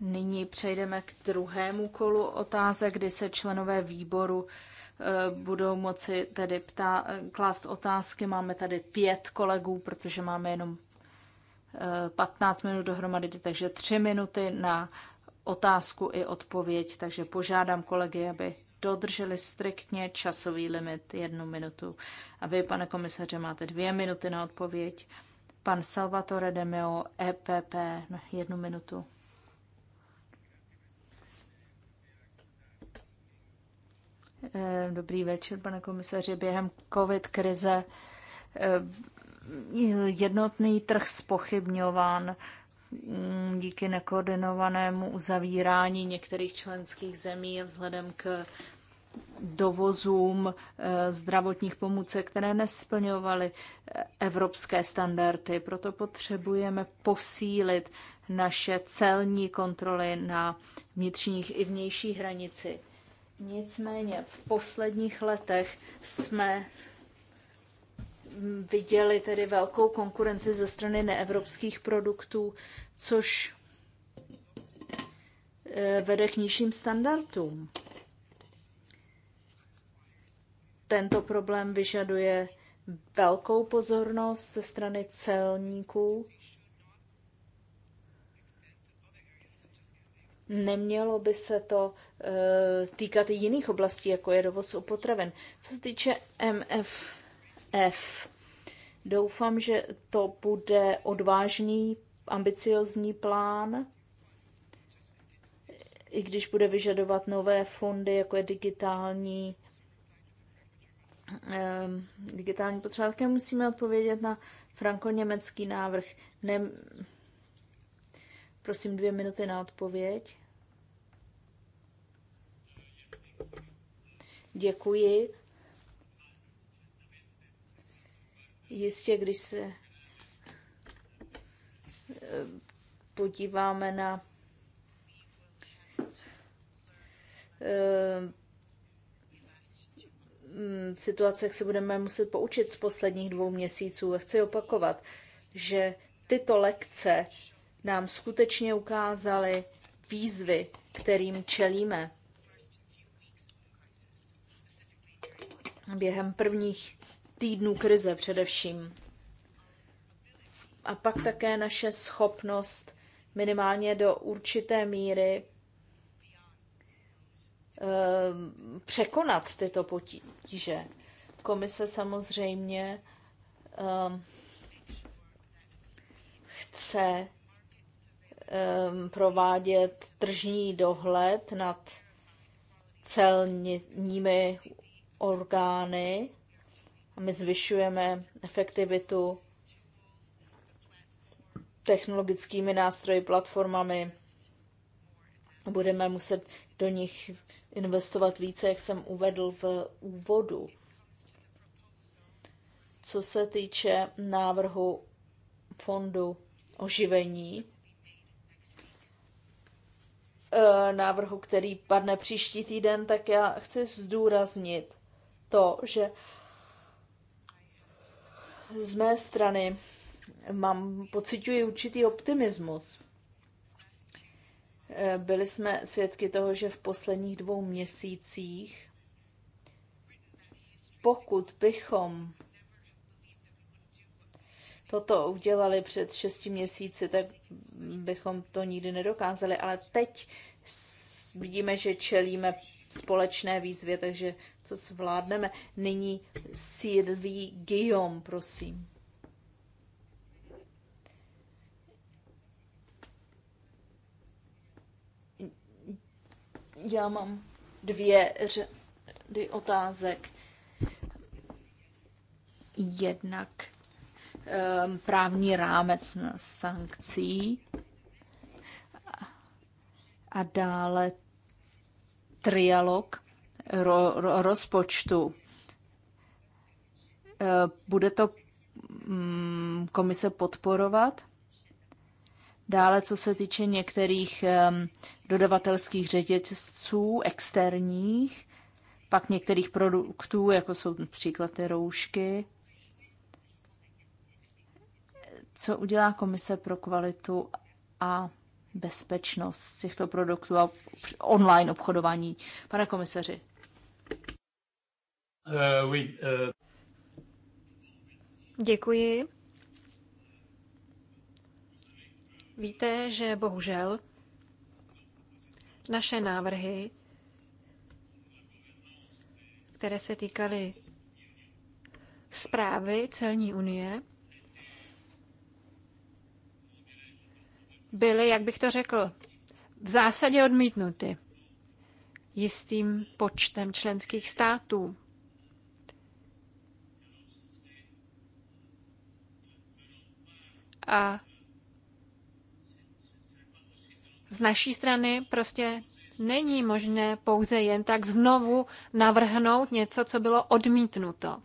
Nyní přejdeme k druhému kolu otázek, kdy se členové výboru eh, budou moci tedy ptá, eh, klást otázky. Máme tady pět kolegů, protože máme jenom 15 eh, minut dohromady, takže tři minuty na otázku i odpověď. Takže požádám kolegy, aby dodrželi striktně časový limit jednu minutu. A vy, pane komisaře, máte dvě minuty na odpověď. Pan Salvatore Demeo, EPP, jednu minutu. Eh, dobrý večer, pane komisaři. Během covid krize eh, jednotný trh spochybňován mm, díky nekoordinovanému uzavírání některých členských zemí vzhledem k dovozům eh, zdravotních pomůcek, které nesplňovaly evropské standardy. Proto potřebujeme posílit naše celní kontroly na vnitřních i vnější hranici. Nicméně v posledních letech jsme viděli tedy velkou konkurenci ze strany neevropských produktů, což eh, vede k nižším standardům. Tento problém vyžaduje velkou pozornost ze strany celníků Nemělo by se to eh, týkat i jiných oblastí, jako je dovoz potravin. Co se týče MFF, doufám, že to bude odvážný, ambiciozní plán, i když bude vyžadovat nové fondy, jako je digitální, ehm, digitální potřeba, také musíme odpovědět na franko-německý návrh. Ne, Prosím dvě minuty na odpověď. Děkuji. Jistě, když se eh, podíváme na eh, mm, situace, jak se budeme muset poučit z posledních dvou měsíců. Chci opakovat, že tyto lekce nám skutečně ukázaly výzvy, kterým čelíme. Během prvních týdnů krize především. A pak také naše schopnost minimálně do určité míry ehm, překonat tyto potíže. Komise samozřejmě ehm, chce Um, provádět tržní dohled nad celními orgány a my zvyšujeme efektivitu technologickými nástroji, platformami. Budeme muset do nich investovat více, jak jsem uvedl v úvodu. Co se týče návrhu fondu oživení, Eh, návrhu, který padne příští týden, tak já chci zdůraznit to, že z mé strany mám, pocituji určitý optimismus. Eh, byli jsme svědky toho, že v posledních dvou měsících, pokud bychom toto udělali před šesti měsíci, tak bychom to nikdy nedokázali. Ale teď vidíme, že čelíme společné výzvě, takže to zvládneme. Nyní Sylvie Guillaume, prosím. Já mám dvě řady otázek. Jednak Um, právní rámec na sankcí a dále trialog ro, ro, rozpočtu. Uh, bude to mm, komise podporovat? Dále, co se týče některých um, dodavatelských řetězců externích, pak některých produktů, jako jsou například ty roušky, co udělá komise pro kvalitu a bezpečnost těchto produktů a online obchodování. Pane komisaři. Uh, oui, uh... Děkuji. Víte, že bohužel naše návrhy, které se týkaly zprávy celní unie, byly, jak bych to řekl, v zásadě odmítnuty jistým počtem členských států. A z naší strany prostě není možné pouze jen tak znovu navrhnout něco, co bylo odmítnuto.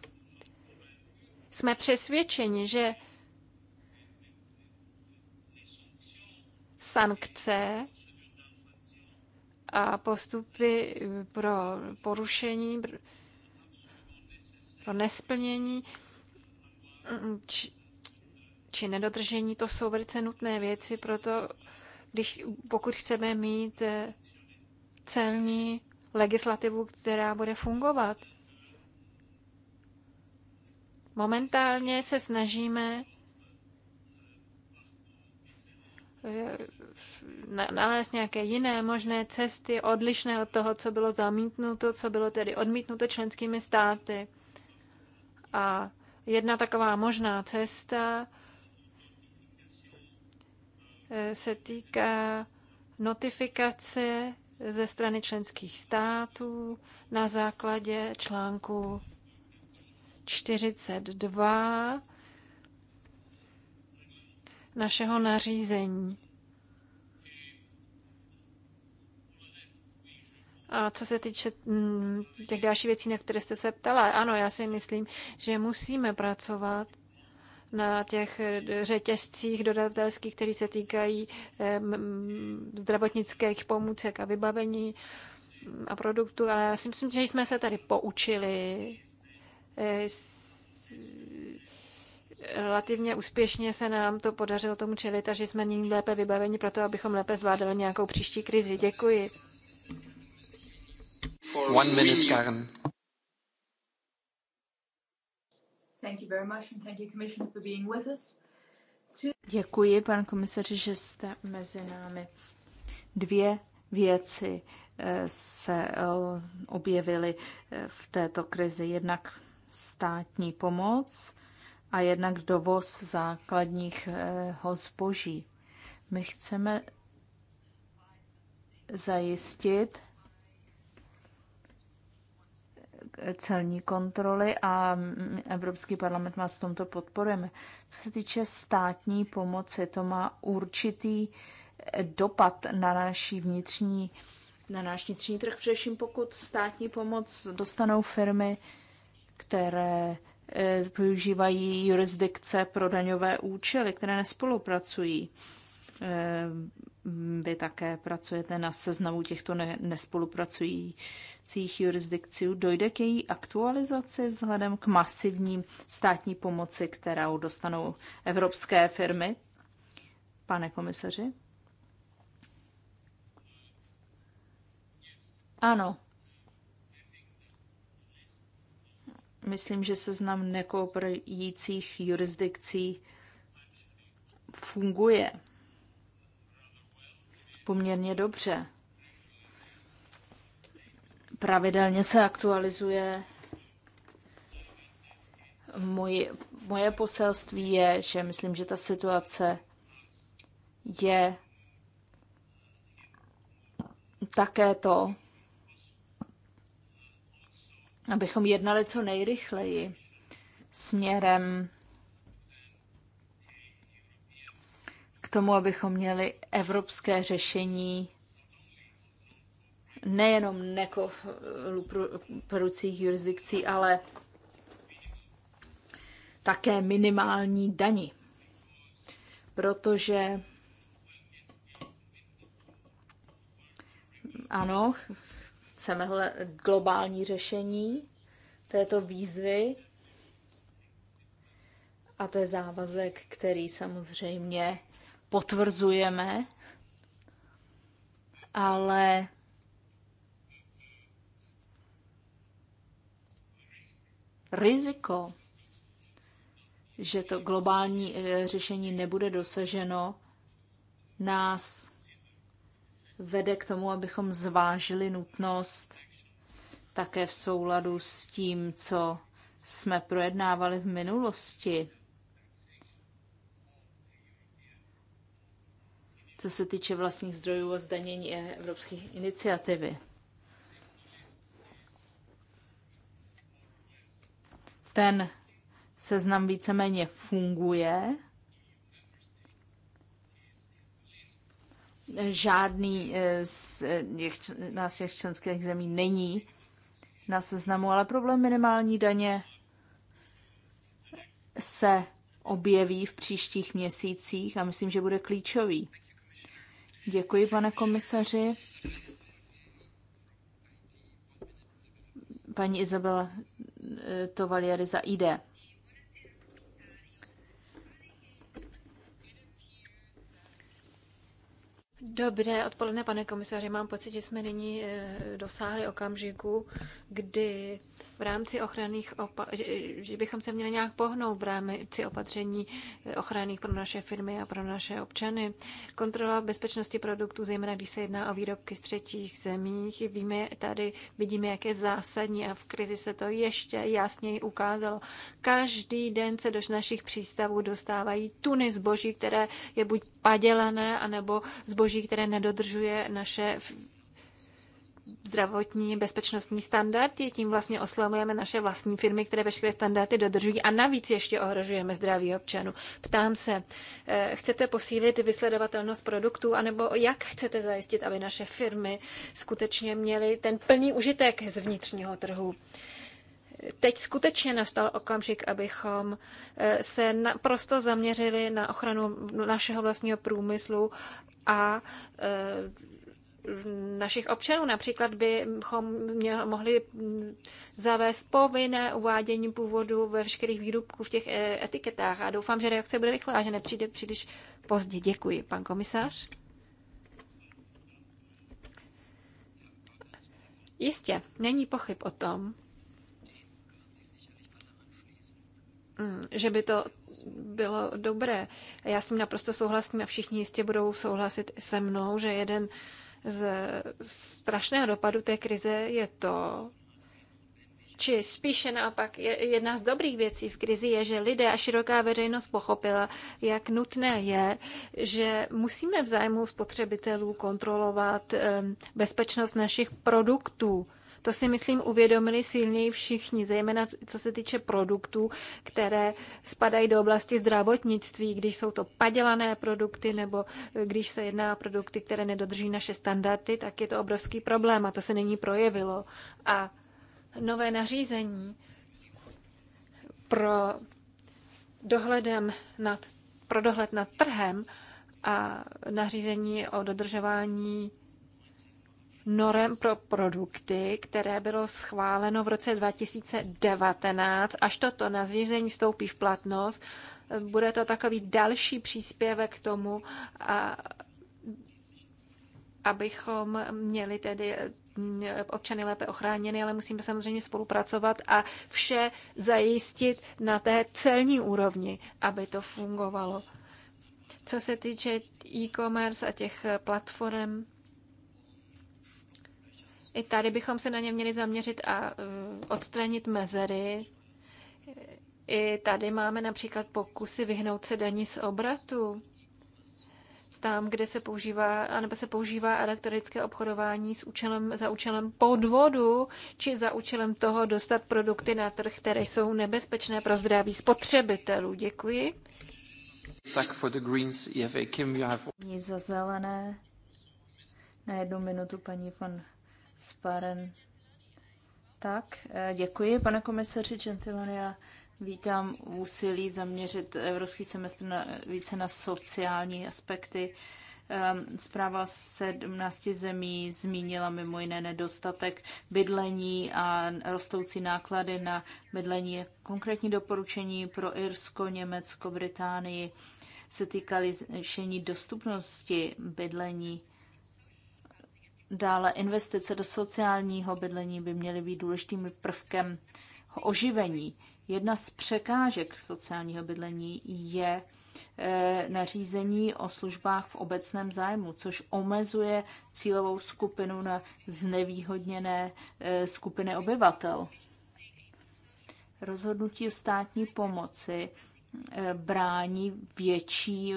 Jsme přesvědčeni, že sankce a postupy pro porušení, pro nesplnění či, či nedodržení, to jsou velice nutné věci, proto když, pokud chceme mít eh, celní legislativu, která bude fungovat. Momentálně se snažíme nalézt nějaké jiné možné cesty odlišné od toho, co bylo zamítnuto, co bylo tedy odmítnuto členskými státy. A jedna taková možná cesta eh, se týká notifikace ze strany členských států na základě článku 42 našeho nařízení. A co se týče mm, těch dalších věcí, na které jste se ptala, ano, já si myslím, že musíme pracovat na těch řetězcích dodatelských, které se týkají zdravotnických pomůcek a vybavení mm, a produktů, ale já si myslím, že jsme se tady poučili eh, relativně úspěšně se nám to podařilo tomu čelit a že jsme nyní lépe vybaveni pro to, abychom lépe zvládali nějakou příští krizi. Děkuji. One minute, Karen. Děkuji, pan komisaři, že jste mezi námi. Dvě věci eh, se eh, objevily eh, v této krizi. Jednak státní pomoc, a jednak dovoz základních eh, zboží. My chceme zajistit eh, celní kontroly a mm, Evropský parlament má s tomto podporujeme. Co se týče státní pomoci, to má určitý eh, dopad na náš vnitřní na náš vnitřní trh, především pokud státní pomoc dostanou firmy, které používají eh, jurisdikce pro daňové účely, které nespolupracují. Eh, vy také pracujete na seznamu těchto ne- nespolupracujících jurisdikcí. Dojde k její aktualizaci vzhledem k masivní státní pomoci, kterou dostanou evropské firmy? Pane komisaři? Ano, Myslím, že seznam nekooperujících jurisdikcí funguje poměrně dobře. Pravidelně se aktualizuje. Moje, moje poselství je, že myslím, že ta situace je také to, abychom jednali co nejrychleji směrem k tomu, abychom měli evropské řešení nejenom eh, perucích jurisdikcí, ale také minimální dani. Protože ano, Chceme globální řešení této výzvy a to je závazek, který samozřejmě potvrzujeme, ale riziko, že to globální eh, řešení nebude dosaženo, nás vede k tomu, abychom zvážili nutnost také v souladu s tím, co jsme projednávali v minulosti. co se týče vlastních zdrojů a zdanění e- evropské iniciativy. Ten seznam víceméně funguje. žádný eh, z eh, nás těch členských zemí není na seznamu, ale problém minimální daně se objeví v příštích měsících a myslím, že bude klíčový. Děkuji, pane komisaři. Paní Izabela eh, Tovaliary za IDE. Dobré odpoledne, pane komisaři. Mám pocit, že jsme nyní eh, dosáhli okamžiku, kdy v rámci ochranných že, že bychom se měli nějak pohnout v rámci opatření ochranných pro naše firmy a pro naše občany. Kontrola bezpečnosti produktů, zejména když se jedná o výrobky z třetích zemích, víme tady, vidíme, jak je zásadní a v krizi se to ještě jasněji ukázalo. Každý den se do našich přístavů dostávají tuny zboží, které je buď padělané, anebo zboží, které nedodržuje naše zdravotní bezpečnostní standardy, tím vlastně oslavujeme naše vlastní firmy, které veškeré standardy dodržují a navíc ještě ohrožujeme zdraví občanů. Ptám se, eh, chcete posílit vysledovatelnost produktů, anebo jak chcete zajistit, aby naše firmy skutečně měly ten plný užitek z vnitřního trhu? teď skutečně nastal okamžik, abychom eh, se naprosto zaměřili na ochranu našeho vlastního průmyslu a eh, našich občanů. Například bychom měl, mohli zavést povinné uvádění původu ve všech výrobků v těch eh, etiketách. A doufám, že reakce bude rychlá, že nepřijde příliš pozdě. Děkuji, pan komisař. Jistě, není pochyb o tom, mm, že by to bylo dobré. Já s tím naprosto souhlasím a všichni jistě budou souhlasit se mnou, že jeden z strašného dopadu té krize je to, či spíše naopak jedna z dobrých věcí v krizi je, že lidé a široká veřejnost pochopila, jak nutné je, že musíme v zájmu spotřebitelů kontrolovat eh, bezpečnost našich produktů to si myslím uvědomili silněji všichni, zejména co se týče produktů, které spadají do oblasti zdravotnictví, když jsou to padělané produkty nebo eh, když se jedná o produkty, které nedodrží naše standardy, tak je to obrovský problém a to se není projevilo. A nové nařízení pro dohledem nad, pro dohled nad trhem a nařízení o dodržování norem pro produkty, které bylo schváleno v roce 2019. Až toto nařízení vstoupí v platnost, bude to takový další příspěvek k tomu, a, abychom měli tedy občany lépe ochráněny, ale musíme samozřejmě spolupracovat a vše zajistit na té celní úrovni, aby to fungovalo. Co se týče e-commerce a těch platform, i tady bychom se na ně měli zaměřit a eh, odstranit mezery. I tady máme například pokusy vyhnout se daní z obratu. Tam, kde se používá, anebo se používá elektronické obchodování s účelem, za účelem podvodu, či za účelem toho dostat produkty na trh, které jsou nebezpečné pro zdraví spotřebitelů. Děkuji. Tak for the Greens, Kim, you have... Nic za zelené. Na jednu minutu paní von. Sparen. Tak, eh, děkuji, pane komisaři Gentiloni. Já vítám úsilí zaměřit evropský semestr na, více na sociální aspekty. Ehm, zpráva 17 zemí zmínila mimo jiné nedostatek bydlení a rostoucí náklady na bydlení. Konkrétní doporučení pro Irsko, Německo, Británii se týkaly řešení dostupnosti bydlení Dále investice do sociálního bydlení by měly být důležitým prvkem oživení. Jedna z překážek sociálního bydlení je eh, nařízení o službách v obecném zájmu, což omezuje cílovou skupinu na znevýhodněné eh, skupiny obyvatel. Rozhodnutí o státní pomoci eh, brání větší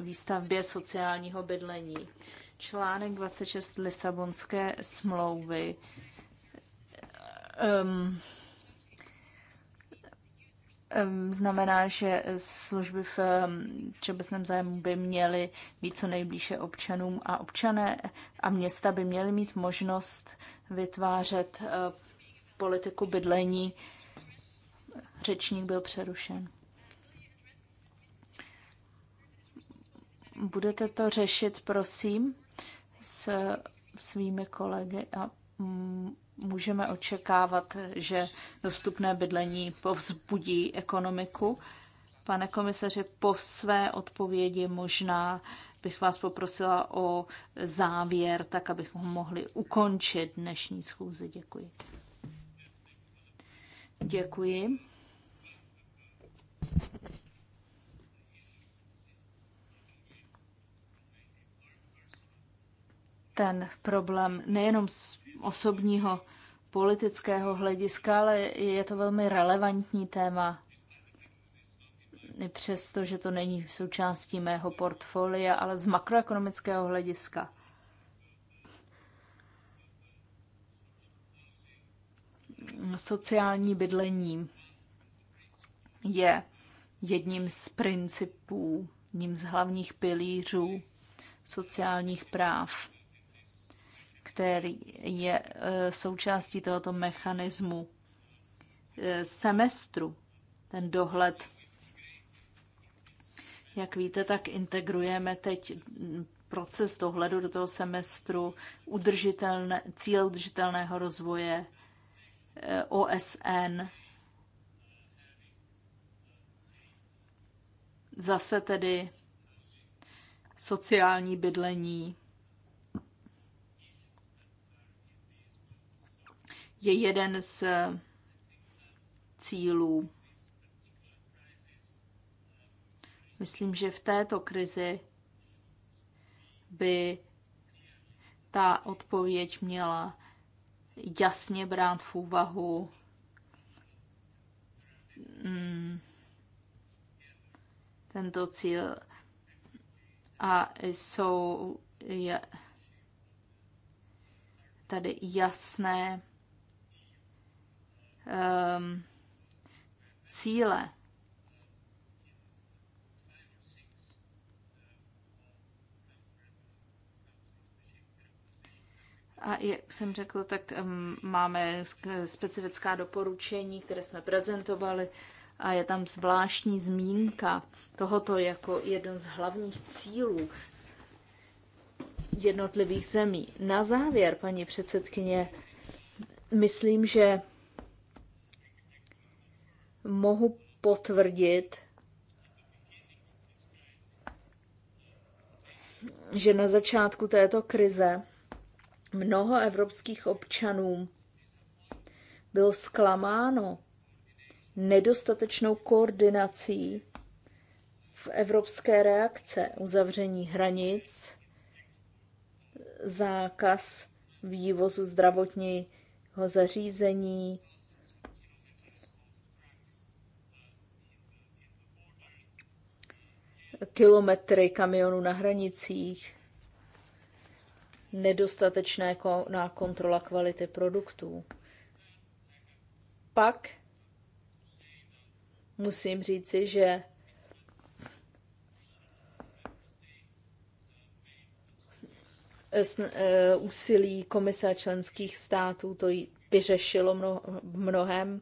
výstavbě sociálního bydlení. Článek 26 Lisabonské smlouvy um, znamená, že služby v všeobecném zájmu by měly být co nejblíže občanům a občané a města by měly mít možnost vytvářet eh, politiku bydlení. Řečník byl přerušen. Budete to řešit, prosím? s svými kolegy a mm, můžeme očekávat, že dostupné bydlení povzbudí ekonomiku. Pane komisaři, po své odpovědi možná bych vás poprosila o závěr, tak abychom mohli ukončit dnešní schůzi. Děkuji. Děkuji. ten problém nejenom z osobního politického hlediska, ale je to velmi relevantní téma. I přesto, že to není součástí mého portfolia, ale z makroekonomického hlediska. Sociální bydlení je jedním z principů, jedním z hlavních pilířů sociálních práv který je eh, součástí tohoto mechanismu eh, semestru. Ten dohled, jak víte, tak integrujeme teď proces dohledu do toho semestru, udržitelné, cíle udržitelného rozvoje, eh, OSN. Zase tedy sociální bydlení, je jeden z cílů. Myslím, že v této krizi by ta odpověď měla jasně brát v úvahu mm, tento cíl a jsou je tady jasné um, cíle. A jak jsem řekl, tak ehm, máme specifická doporučení, které jsme prezentovali a je tam zvláštní zmínka tohoto jako jedno z hlavních cílů jednotlivých zemí. Na závěr, paní předsedkyně, myslím, že mohu potvrdit, že na začátku této krize mnoho evropských občanů bylo zklamáno nedostatečnou koordinací v evropské reakce, uzavření hranic, zákaz vývozu zdravotního zařízení, kilometry kamionů na hranicích, nedostatečná kontrola kvality produktů. Pak musím říci, že e, úsilí komise členských států to vyřešilo mnohem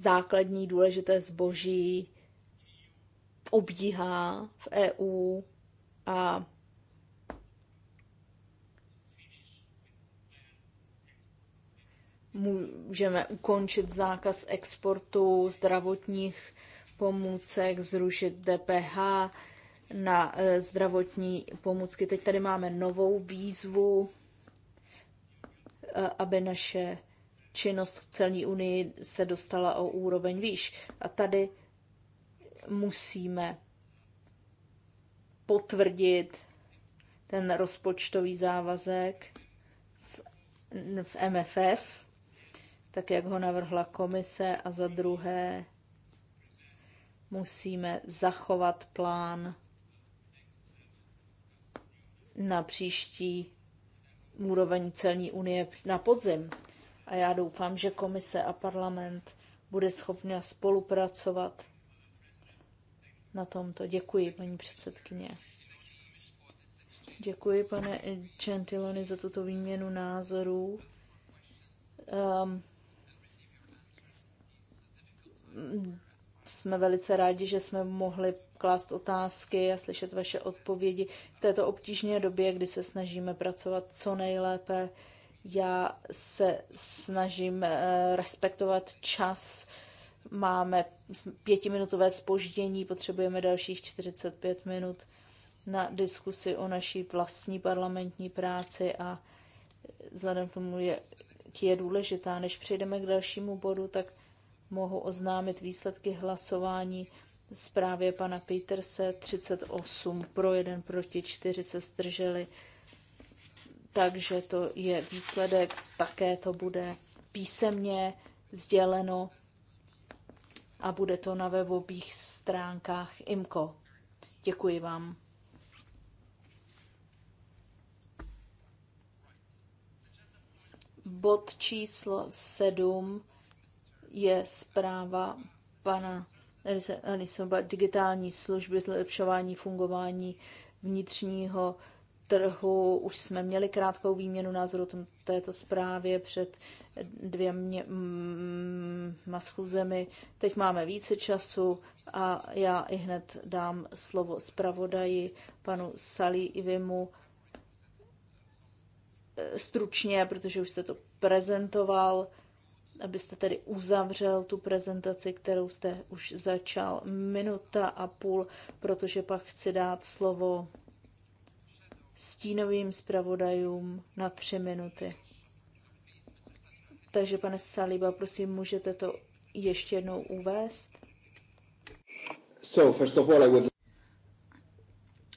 základní důležité zboží obíhá v EU a můžeme ukončit zákaz exportu zdravotních pomůcek, zrušit DPH na e, zdravotní pomůcky. Teď tady máme novou výzvu, e, aby naše činnost v celní unii se dostala o úroveň výš. A tady musíme potvrdit ten rozpočtový závazek v, MFF, tak jak ho navrhla komise, a za druhé musíme zachovat plán na příští úroveň celní unie na podzim a já doufám, že komise a parlament bude schopna spolupracovat na tomto. Děkuji, paní předsedkyně. Děkuji, pane Gentiloni, za tuto výměnu názorů. Um, jsme velice rádi, že jsme mohli klást otázky a slyšet vaše odpovědi v této obtížné době, kdy se snažíme pracovat co nejlépe já se snažím eh, respektovat čas. Máme pětiminutové spoždění, potřebujeme dalších 45 minut na diskusi o naší vlastní parlamentní práci a vzhledem k tomu, je, je důležitá. Než přejdeme k dalšímu bodu, tak mohu oznámit výsledky hlasování zprávě pana Peterse 38 pro, 1 proti, 4 se zdrželi takže to je výsledek, také to bude písemně sděleno a bude to na webových stránkách IMCO. Děkuji vám. Bod číslo 7 je zpráva pana Elisova digitální služby, zlepšování fungování vnitřního trhu. Už jsme měli krátkou výměnu názoru o této zprávě před dvěma mm, mm, schůzemi. Teď máme více času a já i hned dám slovo zpravodaji panu Salí Ivimu eh, stručně, protože už jste to prezentoval, abyste tedy uzavřel tu prezentaci, kterou jste už začal minuta a půl, protože pak chci dát slovo stínovým zpravodajům na tři minuty. Takže, pane Saliba, prosím, můžete to ještě jednou uvést? So, first of all, I would...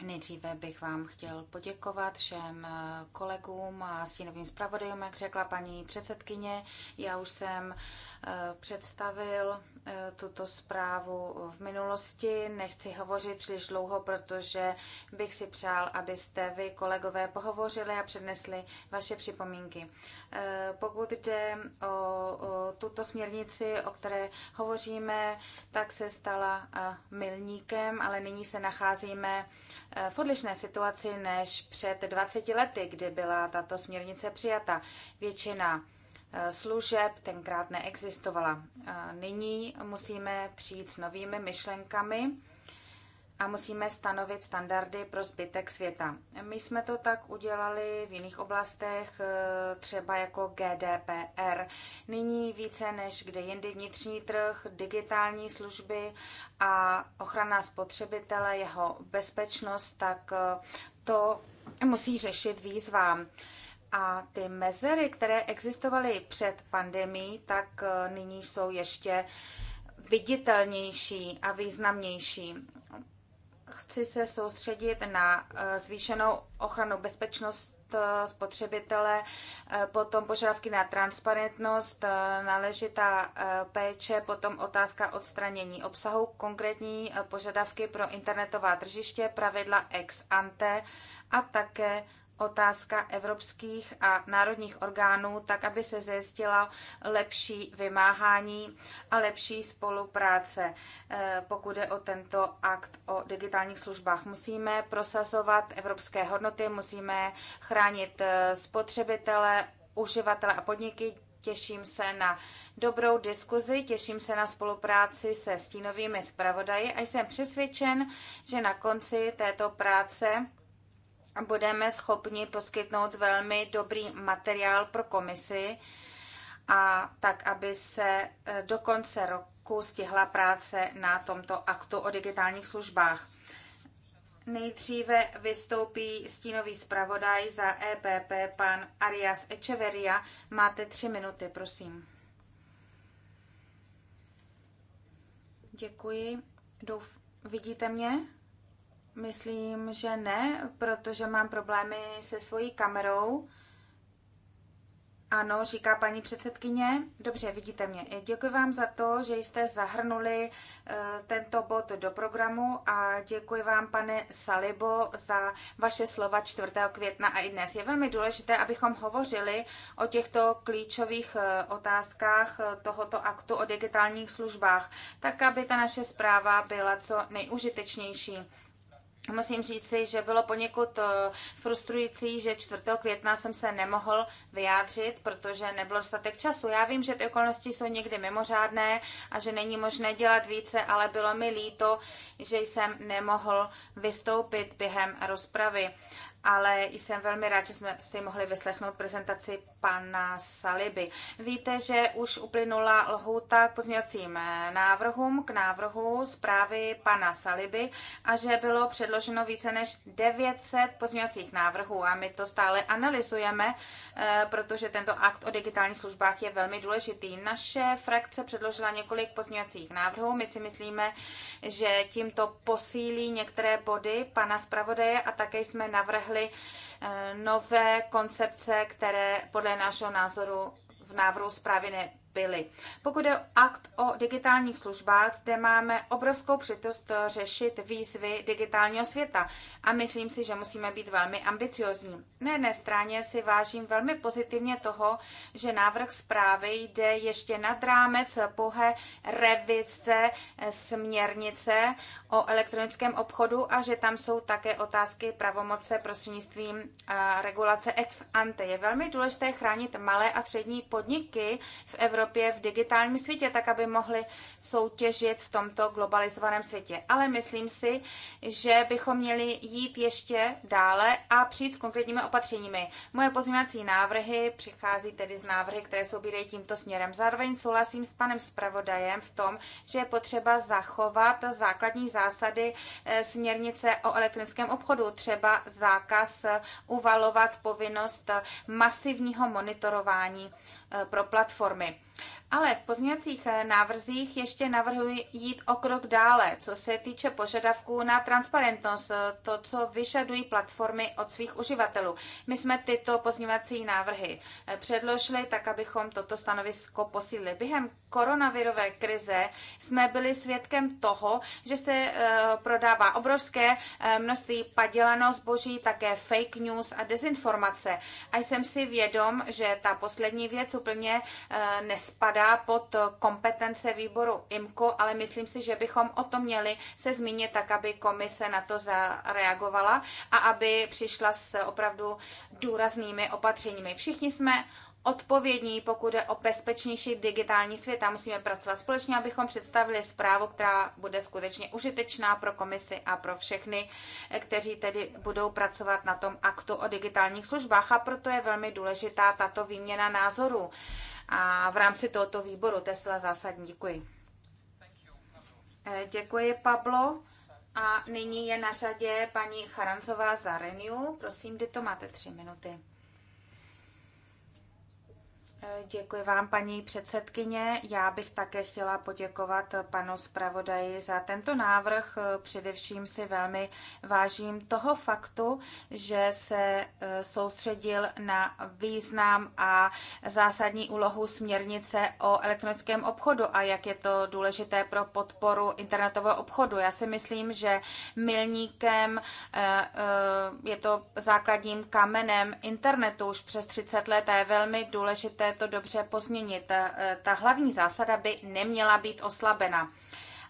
Nejdříve bych vám chtěl poděkovat všem eh, kolegům a stínovým zpravodajům, jak řekla paní předsedkyně. Já už jsem eh, představil Eh, tuto zprávu v minulosti. Nechci hovořit příliš dlouho, protože bych si přál, abyste vy, kolegové, pohovořili a přednesli vaše připomínky. Eh, pokud jde o tuto směrnici, o které hovoříme, tak se stala eh, milníkem, ale nyní se nacházíme v odlišné situaci než před 20 lety, kdy byla tato směrnice přijata. Většina Eh, služeb tenkrát neexistovala. Eh, nyní musíme přijít s novými myšlenkami a musíme stanovit standardy pro zbytek světa. My jsme to tak udělali v jiných oblastech, eh, třeba jako GDPR. Nyní více než kde jindy vnitřní trh, digitální služby a ochrana spotřebitele, jeho bezpečnost, tak to musí řešit výzvám. A ty mezery, které existovaly před pandemí, tak eh, nyní jsou ještě viditelnější a významnější. Chci se soustředit na eh, zvýšenou ochranu bezpečnost eh, spotřebitele, potom požadavky na transparentnost, náležitá péče, potom otázka odstranění obsahu, konkrétní požadavky pro internetová tržiště, pravidla ex ante a také otázka evropských a národních orgánů, tak aby se zjistila lepší vymáhání a lepší spolupráce, eh, pokud je o tento akt o digitálních službách. Musíme prosazovat evropské hodnoty, musíme chránit eh, spotřebitele, uživatele a podniky, Těším se na dobrou diskuzi, těším se na spolupráci se stínovými zpravodaji a jsem přesvědčen, že na konci této práce budeme schopni poskytnout velmi dobrý materiál pro komisi a tak, aby se eh, do konce roku stihla práce na tomto aktu o digitálních službách. Nejdříve vystoupí stínový zpravodaj za EPP, pan Arias Echeveria. Máte tři minuty, prosím. Děkuji. Douf... Vidíte mě? Myslím, že ne, protože mám problémy se svojí kamerou. Ano, říká paní předsedkyně. Dobře, vidíte mě. Děkuji vám za to, že jste zahrnuli eh, tento bod do programu a děkuji vám, pane Salibo, za vaše slova 4. května a i dnes. Je velmi důležité, abychom hovořili o těchto klíčových eh, otázkách eh, tohoto aktu o digitálních službách, tak aby ta naše zpráva byla co nejužitečnější. Musím říci, že bylo poněkud eh, frustrující, že 4. května jsem se nemohl vyjádřit, protože nebylo dostatek času. Já vím, že ty okolnosti jsou někdy mimořádné a že není možné dělat více, ale bylo mi líto, že jsem nemohl vystoupit během rozpravy ale jsem velmi rád, že jsme si mohli vyslechnout prezentaci pana Saliby. Víte, že už uplynula lhůta k pozměňovacím eh, návrhům, k návrhu zprávy pana Saliby a že bylo předloženo více než 900 pozměňovacích návrhů a my to stále analyzujeme, eh, protože tento akt o digitálních službách je velmi důležitý. Naše frakce předložila několik pozměňovacích návrhů. My si myslíme, že tímto posílí některé body pana zpravodaje a také jsme navrhli navrhli eh, nové koncepce, které podle našeho názoru v návrhu zprávy byly. Pokud je akt o digitálních službách, zde máme obrovskou přitost řešit výzvy digitálního světa a myslím si, že musíme být velmi ambiciozní. Na jedné straně si vážím velmi pozitivně toho, že návrh zprávy jde ještě nad rámec pohé revize směrnice o elektronickém obchodu a že tam jsou také otázky pravomoce prostřednictvím eh, regulace ex ante. Je velmi důležité chránit malé a střední podniky v Evropě Evropě v digitálním světě, tak aby mohli soutěžit v tomto globalizovaném světě. Ale myslím si, že bychom měli jít ještě dále a přijít s konkrétními opatřeními. Moje pozměňovací návrhy přichází tedy z návrhy, které soubírají tímto směrem. Zároveň souhlasím s panem zpravodajem v tom, že je potřeba zachovat základní zásady eh, směrnice o elektronickém obchodu, třeba zákaz uvalovat povinnost eh, masivního monitorování pro platformy. Ale v pozměňovacích eh, návrzích ještě navrhuji jít o krok dále, co se týče požadavků na transparentnost, eh, to, co vyžadují platformy od svých uživatelů. My jsme tyto pozměňovací návrhy eh, předložili, tak abychom toto stanovisko posílili. Během koronavirové krize jsme byli svědkem toho, že se prodává obrovské množství padělaného zboží, také fake news a dezinformace. A jsem si vědom, že ta poslední věc úplně nespadá spadá pod eh, kompetence výboru IMCO, ale myslím si, že bychom o tom měli se zmínit tak, aby komise na to zareagovala a aby přišla s opravdu důraznými opatřeními. Všichni jsme odpovědní, pokud je o bezpečnější digitální svět a musíme pracovat společně, abychom představili zprávu, která bude skutečně užitečná pro komisi a pro všechny, eh, kteří tedy budou pracovat na tom aktu o digitálních službách a proto je velmi důležitá tato výměna názorů a v rámci tohoto výboru. Tesla zásadní. Děkuji. Eh, děkuji, Pablo. A nyní je na řadě paní Charancová za Renew. Prosím, kdy to máte tři minuty. Děkuji vám, paní předsedkyně. Já bych také chtěla poděkovat panu zpravodaji za tento návrh. Především si velmi vážím toho faktu, že se e, soustředil na význam a zásadní úlohu směrnice o elektronickém obchodu a jak je to důležité pro podporu internetového obchodu. Já si myslím, že milníkem e, e, je to základním kamenem internetu už přes 30 let a je velmi důležité to dobře pozměnit. Eh, ta hlavní zásada by neměla být oslabena.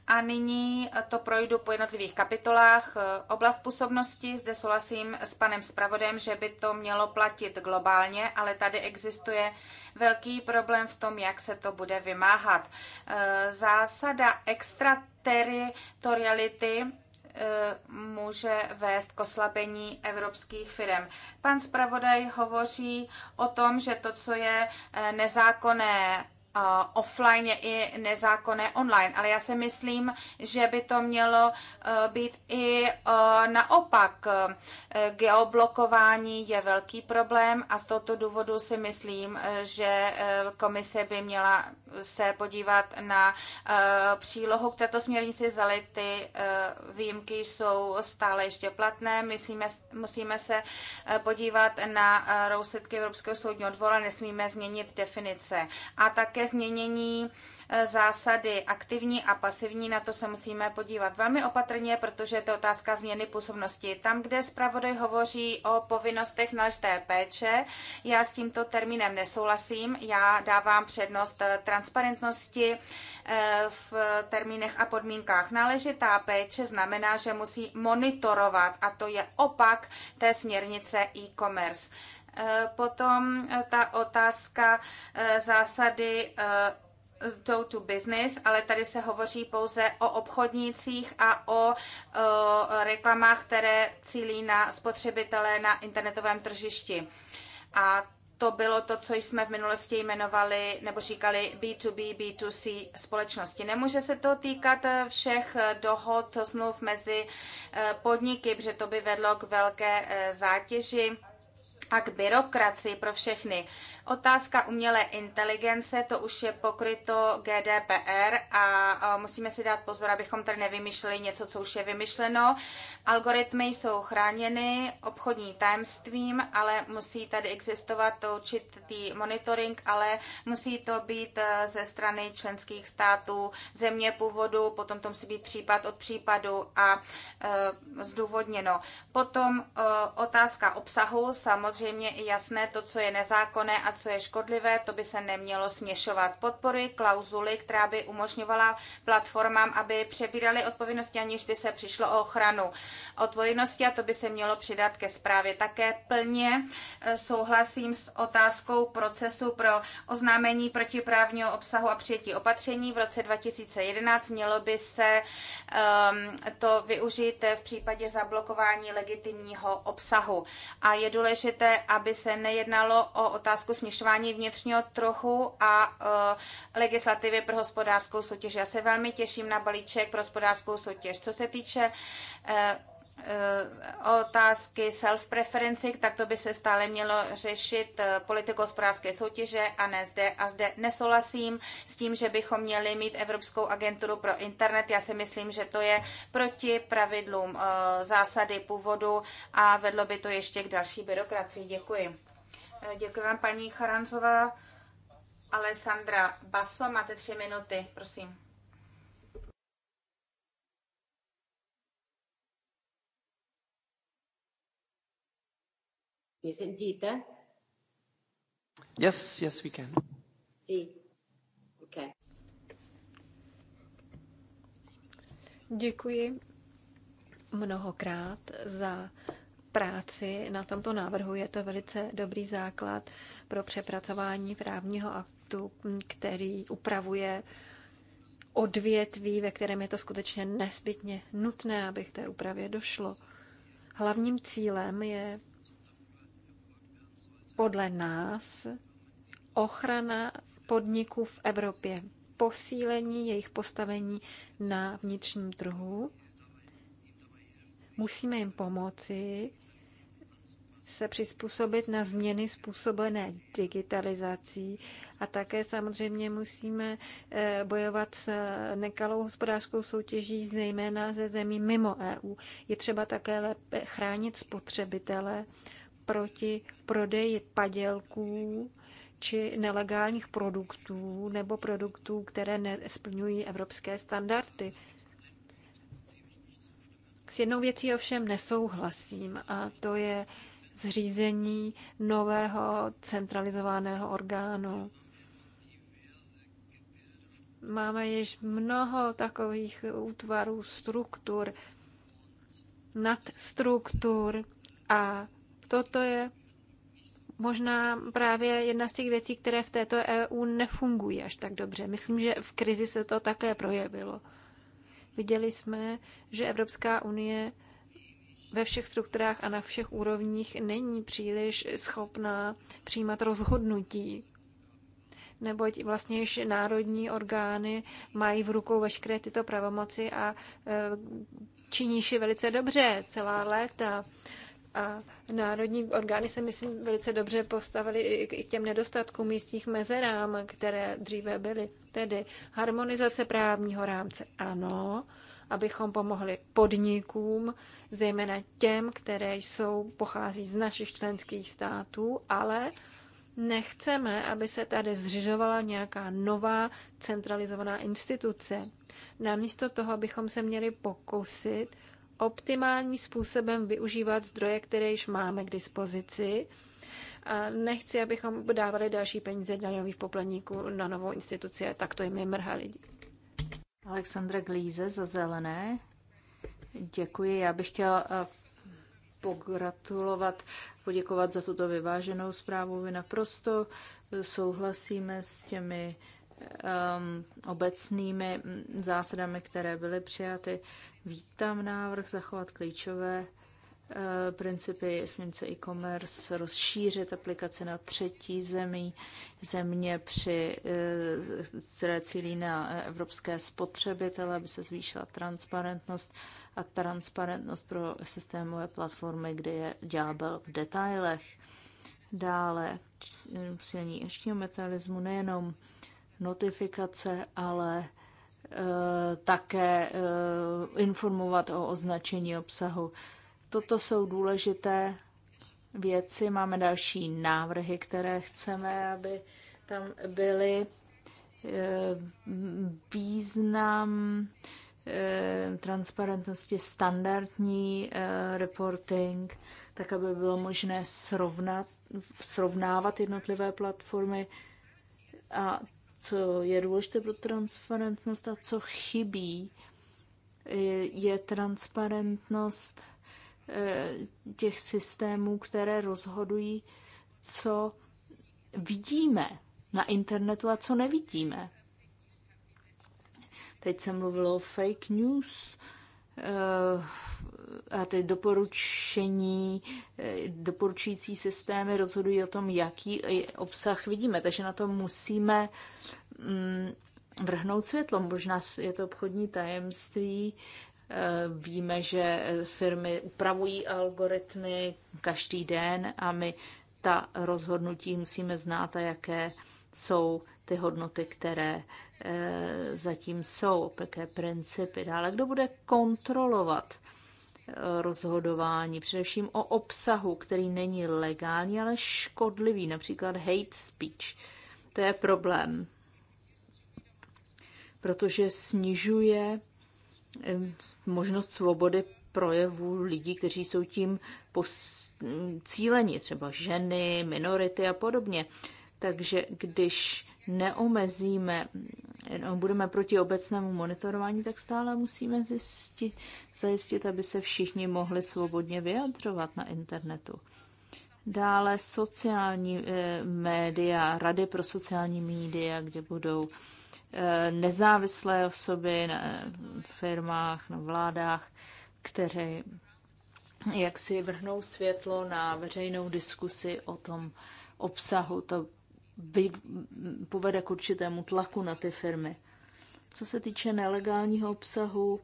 A nyní to projdu po jednotlivých kapitolách. Eh, oblast působnosti, zde souhlasím s panem Spravodem, že by to mělo platit globálně, ale tady existuje velký problém v tom, jak se to bude vymáhat. Eh, zásada extrateritoriality Eh, může vést k oslabení evropských firm. Pan zpravodaj hovoří o tom, že to, co je eh, nezákonné offline i nezákonné online. Ale já si myslím, že by to mělo eh, být i eh, naopak. Eh, geoblokování je velký problém a z tohoto důvodu si myslím, že komise by měla se podívat na přílohu k této směrnici, zali ty výjimky jsou stále ještě platné. Myslíme, musíme se podívat na rousetky Evropského soudního dvora, nesmíme změnit definice. A také ke změnění eh, zásady aktivní a pasivní, na to se musíme podívat velmi opatrně, protože je to otázka změny působnosti. Tam, kde zpravodaj hovoří o povinnostech naležité péče, já s tímto termínem nesouhlasím, já dávám přednost eh, transparentnosti eh, v termínech a podmínkách. Náležitá péče znamená, že musí monitorovat a to je opak té směrnice e-commerce. Eh, potom eh, ta otázka eh, zásady go to business, ale tady se hovoří pouze o obchodnících a o, o reklamách, které cílí na spotřebitele na internetovém tržišti. A to bylo to, co jsme v minulosti jmenovali nebo říkali B2B, B2C společnosti. Nemůže se to týkat všech dohod, smluv mezi podniky, protože to by vedlo k velké zátěži a k byrokracii pro všechny. Otázka umělé inteligence, to už je pokryto GDPR a musíme si dát pozor, abychom tady nevymýšleli něco, co už je vymyšleno. Algoritmy jsou chráněny obchodní tajemstvím, ale musí tady existovat určitý monitoring, ale musí to být eh, ze strany členských států, země původu, potom to musí být případ od případu a e, zdůvodněno. Potom e, otázka obsahu, samozřejmě i jasné to, co je nezákonné a co je škodlivé, to by se nemělo směšovat. Podporuji klauzuly, která by umožňovala platformám, aby přebírali odpovědnosti, aniž by se přišlo o ochranu odpovědnosti a to by se mělo přidat ke zprávě. Také plně e, souhlasím s otázkou procesu pro oznámení protiprávního obsahu a přijetí opatření. V roce 2011 mělo by se um, to využít v případě zablokování legitimního obsahu. A je důležité, aby se nejednalo o otázku směšování vnitřního trochu a eh, legislativy pro hospodářskou soutěž. Já se velmi těším na balíček pro hospodářskou soutěž. Co se týče eh, eh, otázky self preferenci tak to by se stále mělo řešit politikou hospodářské soutěže a ne zde. A zde nesouhlasím s tím, že bychom měli mít Evropskou agenturu pro internet. Já si myslím, že to je proti pravidlům zásady původu a vedlo by to ještě k další byrokracii. Děkuji. Děkuji vám, paní Charanzová. Alessandra Baso, máte tři minuty, prosím. Mi sentite? Yes, yes, we can. Sì. Ok. Děkuji mnohokrát za práci na tomto návrhu. Je to velice dobrý základ pro přepracování právního aktu, který upravuje odvětví, ve kterém je to skutečně nezbytně nutné, aby k té úpravě došlo. Hlavním cílem je podle nás ochrana podniků v Evropě, posílení jejich postavení na vnitřním trhu Musíme jim pomoci se přizpůsobit na změny způsobené digitalizací a také samozřejmě musíme eh, bojovat s eh, nekalou hospodářskou soutěží, zejména ze zemí mimo EU. Je třeba také lépe chránit spotřebitele proti prodeji padělků či nelegálních produktů nebo produktů, které nesplňují evropské standardy. S jednou věcí ovšem nesouhlasím a to je zřízení nového centralizovaného orgánu. Máme již mnoho takových útvarů, struktur, nadstruktur a toto je možná právě jedna z těch věcí, které v této EU nefungují až tak dobře. Myslím, že v krizi se to také projevilo. Viděli jsme, že Evropská unie ve všech strukturách a na všech úrovních není příliš schopná přijímat rozhodnutí neboť vlastně již národní orgány mají v rukou veškeré tyto pravomoci a e, si velice dobře celá léta. A národní orgány se, myslím, velice dobře postavily i k těm nedostatkům místních mezerám, které dříve byly. Tedy harmonizace právního rámce, ano, abychom pomohli podnikům, zejména těm, které jsou, pochází z našich členských států, ale nechceme, aby se tady zřizovala nějaká nová centralizovaná instituce. Namísto toho bychom se měli pokusit optimálním způsobem využívat zdroje, které již máme k dispozici. A nechci, abychom dávali další peníze daňových poplatníků na novou instituci a tak to jim je mrha lidi. Alexandra Glíze za zelené. Děkuji. Já bych chtěla eh, pogratulovat, poděkovat za tuto vyváženou zprávu. Vy naprosto eh, souhlasíme s těmi um, obecnými mm, zásadami, které byly přijaty. Vítám návrh zachovat klíčové eh, principy směrnice e-commerce, rozšířit aplikace na třetí zemí, země při, eh, které cílí na eh, evropské spotřebitele, aby se zvýšila transparentnost a transparentnost pro systémové platformy, kde je ďábel v detailech. Dále hm, silní ještě metalismu nejenom notifikace, ale Eh, také eh, informovat o označení obsahu. Toto jsou důležité věci. Máme další návrhy, které chceme, aby tam byly eh, význam transparentnosti, standardní reporting, tak aby bylo možné srovnat, srovnávat jednotlivé platformy a co je důležité pro transparentnost a co chybí, je transparentnost eh, těch systémů, které rozhodují, co vidíme na internetu a co nevidíme. Teď se mluvilo o fake news, eh, a ty doporučení, eh, doporučující systémy rozhodují o tom, jaký obsah vidíme. Takže na to musíme mm, vrhnout světlo. Možná je to obchodní tajemství. Eh, víme, že firmy upravují algoritmy každý den a my ta rozhodnutí musíme znát a jaké jsou ty hodnoty, které eh, zatím jsou, jaké principy. Dále, kdo bude kontrolovat rozhodování, především o obsahu, který není legální, ale škodlivý, například hate speech. To je problém, protože snižuje možnost svobody projevu lidí, kteří jsou tím cíleni, třeba ženy, minority a podobně. Takže když neomezíme, budeme proti obecnému monitorování, tak stále musíme zjistit, zajistit, aby se všichni mohli svobodně vyjadřovat na internetu. Dále sociální e, média, rady pro sociální média, kde budou e, nezávislé osoby na firmách, na vládách, které jak si vrhnou světlo na veřejnou diskusi o tom obsahu. To vy, povede k určitému tlaku na ty firmy. Co se týče nelegálního obsahu,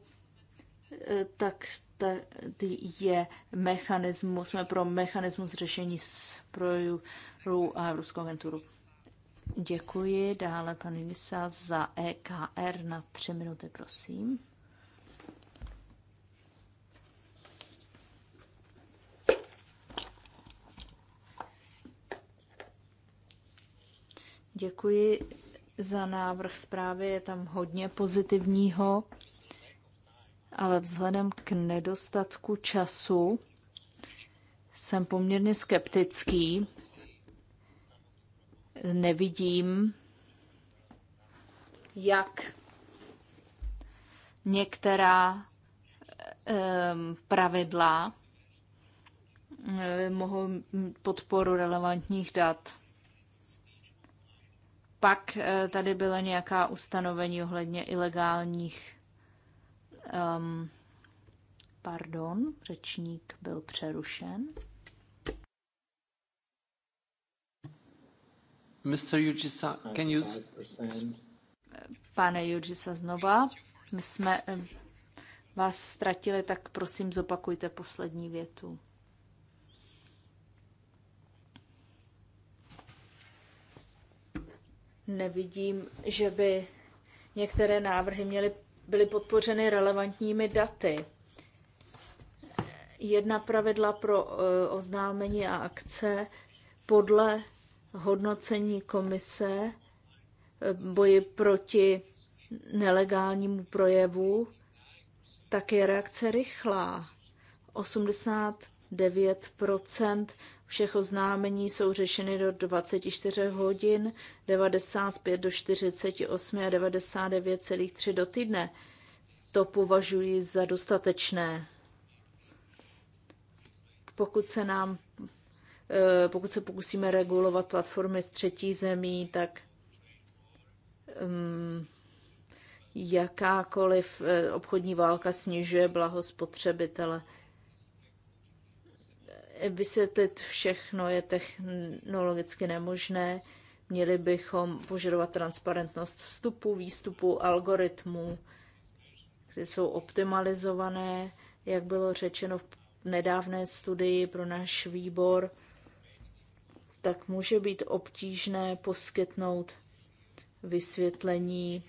eh, tak tady je mechanismus, jsme pro mechanismus řešení projů a Evropskou agenturu. Děkuji. Dále pan Jisa za EKR na tři minuty, prosím. Děkuji za návrh zprávy, je tam hodně pozitivního, ale vzhledem k nedostatku času jsem poměrně skeptický. Nevidím, jak některá eh, pravidla eh, mohou podporu relevantních dat pak eh, tady byla nějaká ustanovení ohledně ilegálních. Um, pardon, řečník byl přerušen. Mr. Yujisa, can you... Pane Jurgisa, znova. My jsme eh, vás ztratili, tak prosím zopakujte poslední větu. Nevidím, že by některé návrhy měly, byly podpořeny relevantními daty. Jedna pravidla pro eh, oznámení a akce podle hodnocení komise eh, boji proti nelegálnímu projevu, tak je reakce rychlá. 89 všech oznámení jsou řešeny do 24 hodin, 95 do 48 a 99,3 do týdne. To považuji za dostatečné. Pokud se nám, eh, pokud se pokusíme regulovat platformy z třetí zemí, tak um, jakákoliv eh, obchodní válka snižuje blaho spotřebitele. Vysvětlit všechno je technologicky nemožné. Měli bychom požadovat transparentnost vstupu, výstupu, algoritmů, které jsou optimalizované, jak bylo řečeno v nedávné studii pro náš výbor, tak může být obtížné poskytnout vysvětlení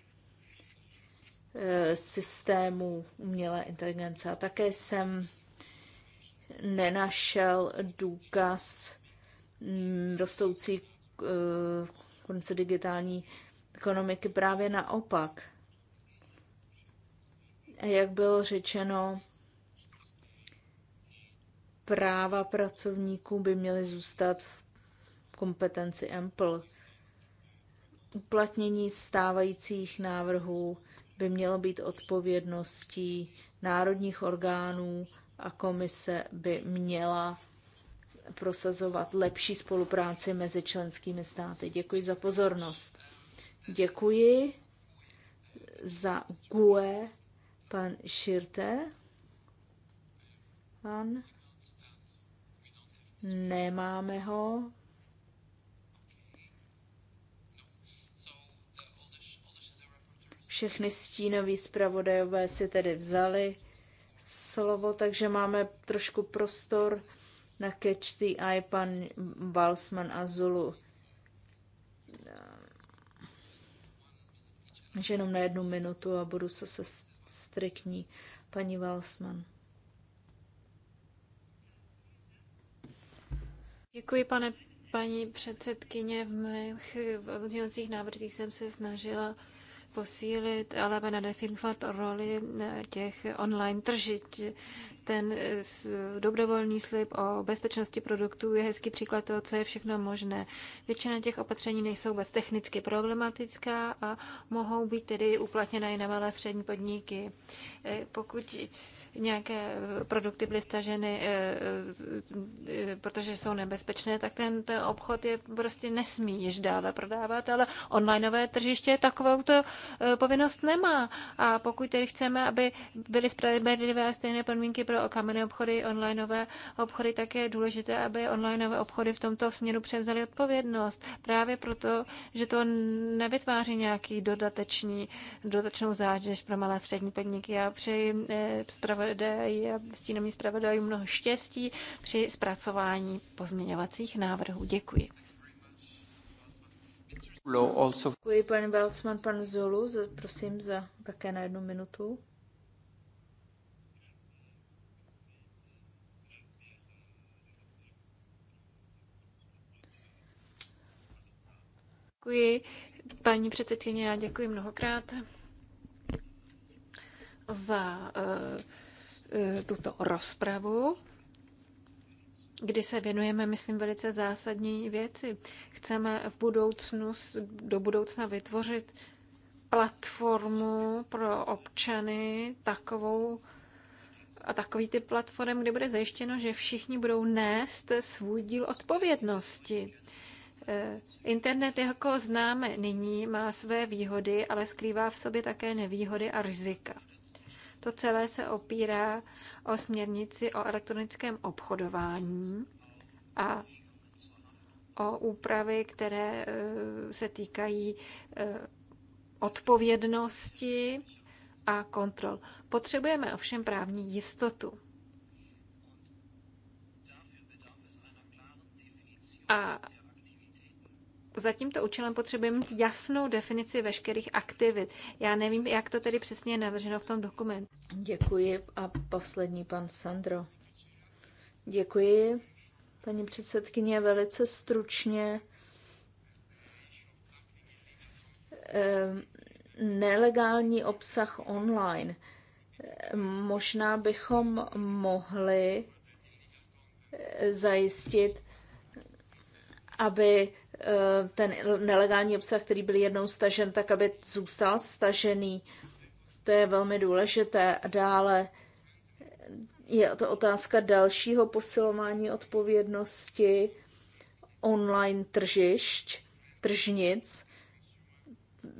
eh, systému umělé inteligence. A také jsem nenašel důkaz mm, rostoucí eh, konce digitální ekonomiky, právě naopak. Jak bylo řečeno, práva pracovníků by měly zůstat v kompetenci EMPL. Uplatnění stávajících návrhů by mělo být odpovědností národních orgánů a komise by měla prosazovat lepší spolupráci mezi členskými státy. Děkuji za pozornost. Děkuji za GUE pan Širte. Pan. Nemáme ho. Všechny stínoví zpravodajové si tedy vzali slovo, takže máme trošku prostor na Catch the Eye, pan Balsman a Zulu. Že jenom na jednu minutu a budu se, se striktní. Paní Valsman. Děkuji, pane paní předsedkyně. V mých pozměňovacích návrzích jsem se snažila posílit, ale nedefinovat roli eh, těch online tržit. Ten eh, dobrovolný slib o bezpečnosti produktů je hezký příklad toho, co je všechno možné. Většina těch opatření nejsou vůbec technicky problematická a mohou být tedy uplatněna i na malé střední podniky. Eh, pokud nějaké eh, produkty byly staženy, eh, eh, protože jsou nebezpečné, tak ten, ten obchod je prostě nesmí již dále prodávat, ale onlineové tržiště takovou to povinnost nemá. A pokud tedy chceme, aby byly spravedlivé a stejné podmínky pro kamenné obchody, onlineové obchody, tak je důležité, aby onlineové obchody v tomto směru převzaly odpovědnost. Právě proto, že to nevytváří nějaký dodatečný, dodatečnou zátěž pro malé a střední podniky. Já přeji eh, zpravodaji a stínovým zpravodajům mnoho štěstí při zpracování pozměňovacích návrhů. Děkuji. Děkuji, pane Valcman, pan Zulu, za, prosím, za také na jednu minutu. Děkuji, paní předsedkyně, já děkuji mnohokrát za uh, Eh, tuto rozpravu, kdy se věnujeme, myslím, velice zásadní věci. Chceme v budoucnu, do budoucna vytvořit platformu pro občany takovou, a takový typ platform, kde bude zajištěno, že všichni budou nést svůj díl odpovědnosti. Eh, internet, jako známe nyní, má své výhody, ale skrývá v sobě také nevýhody a rizika. To celé se opírá o směrnici o elektronickém obchodování a o úpravy, které eh, se týkají eh, odpovědnosti a kontrol. Potřebujeme ovšem právní jistotu. A za tímto účelem potřebujeme mít jasnou definici veškerých aktivit. Já nevím, jak to tedy přesně je navrženo v tom dokumentu. Děkuji a poslední pan Sandro. Děkuji, paní předsedkyně, velice stručně. Ehm, nelegální obsah online. Možná bychom mohli eh, zajistit, aby Eh, ten nelegální obsah, který byl jednou stažen, tak aby zůstal stažený. To je velmi důležité. A dále je to otázka dalšího posilování odpovědnosti online tržišť, tržnic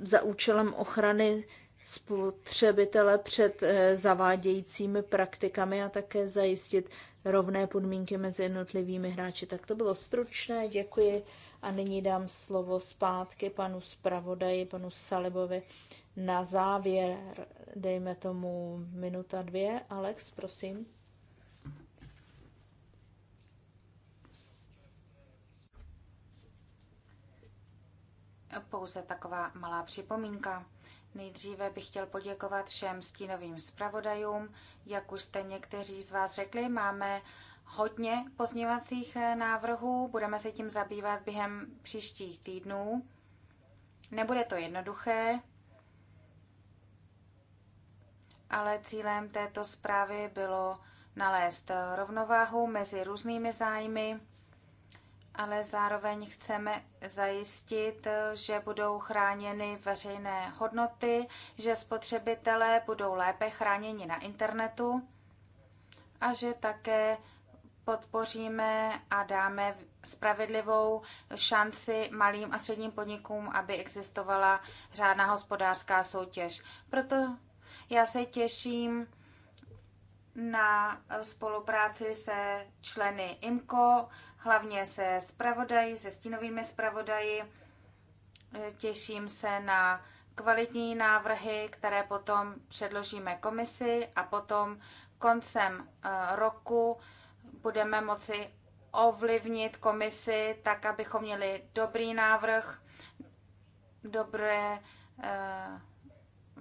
za účelem ochrany spotřebitele před eh, zavádějícími praktikami a také zajistit rovné podmínky mezi jednotlivými hráči. Tak to bylo stručné, děkuji a nyní dám slovo zpátky panu zpravodaji, panu Salibovi. Na závěr, dejme tomu minuta dvě. Alex, prosím. Pouze taková malá připomínka. Nejdříve bych chtěl poděkovat všem stínovým zpravodajům. Jak už jste někteří z vás řekli, máme hodně pozměvacích eh, návrhů, budeme se tím zabývat během příštích týdnů. Nebude to jednoduché, ale cílem této zprávy bylo nalézt eh, rovnováhu mezi různými zájmy, ale zároveň chceme zajistit, eh, že budou chráněny veřejné hodnoty, že spotřebitelé budou lépe chráněni na internetu a že také podpoříme a dáme spravedlivou šanci malým a středním podnikům, aby existovala řádná hospodářská soutěž. Proto já se těším na spolupráci se členy IMCO, hlavně se zpravodaji, se stínovými zpravodaji. Těším se na kvalitní návrhy, které potom předložíme komisi a potom koncem eh, roku budeme moci ovlivnit komisi tak, abychom měli dobrý návrh, dobré, eh,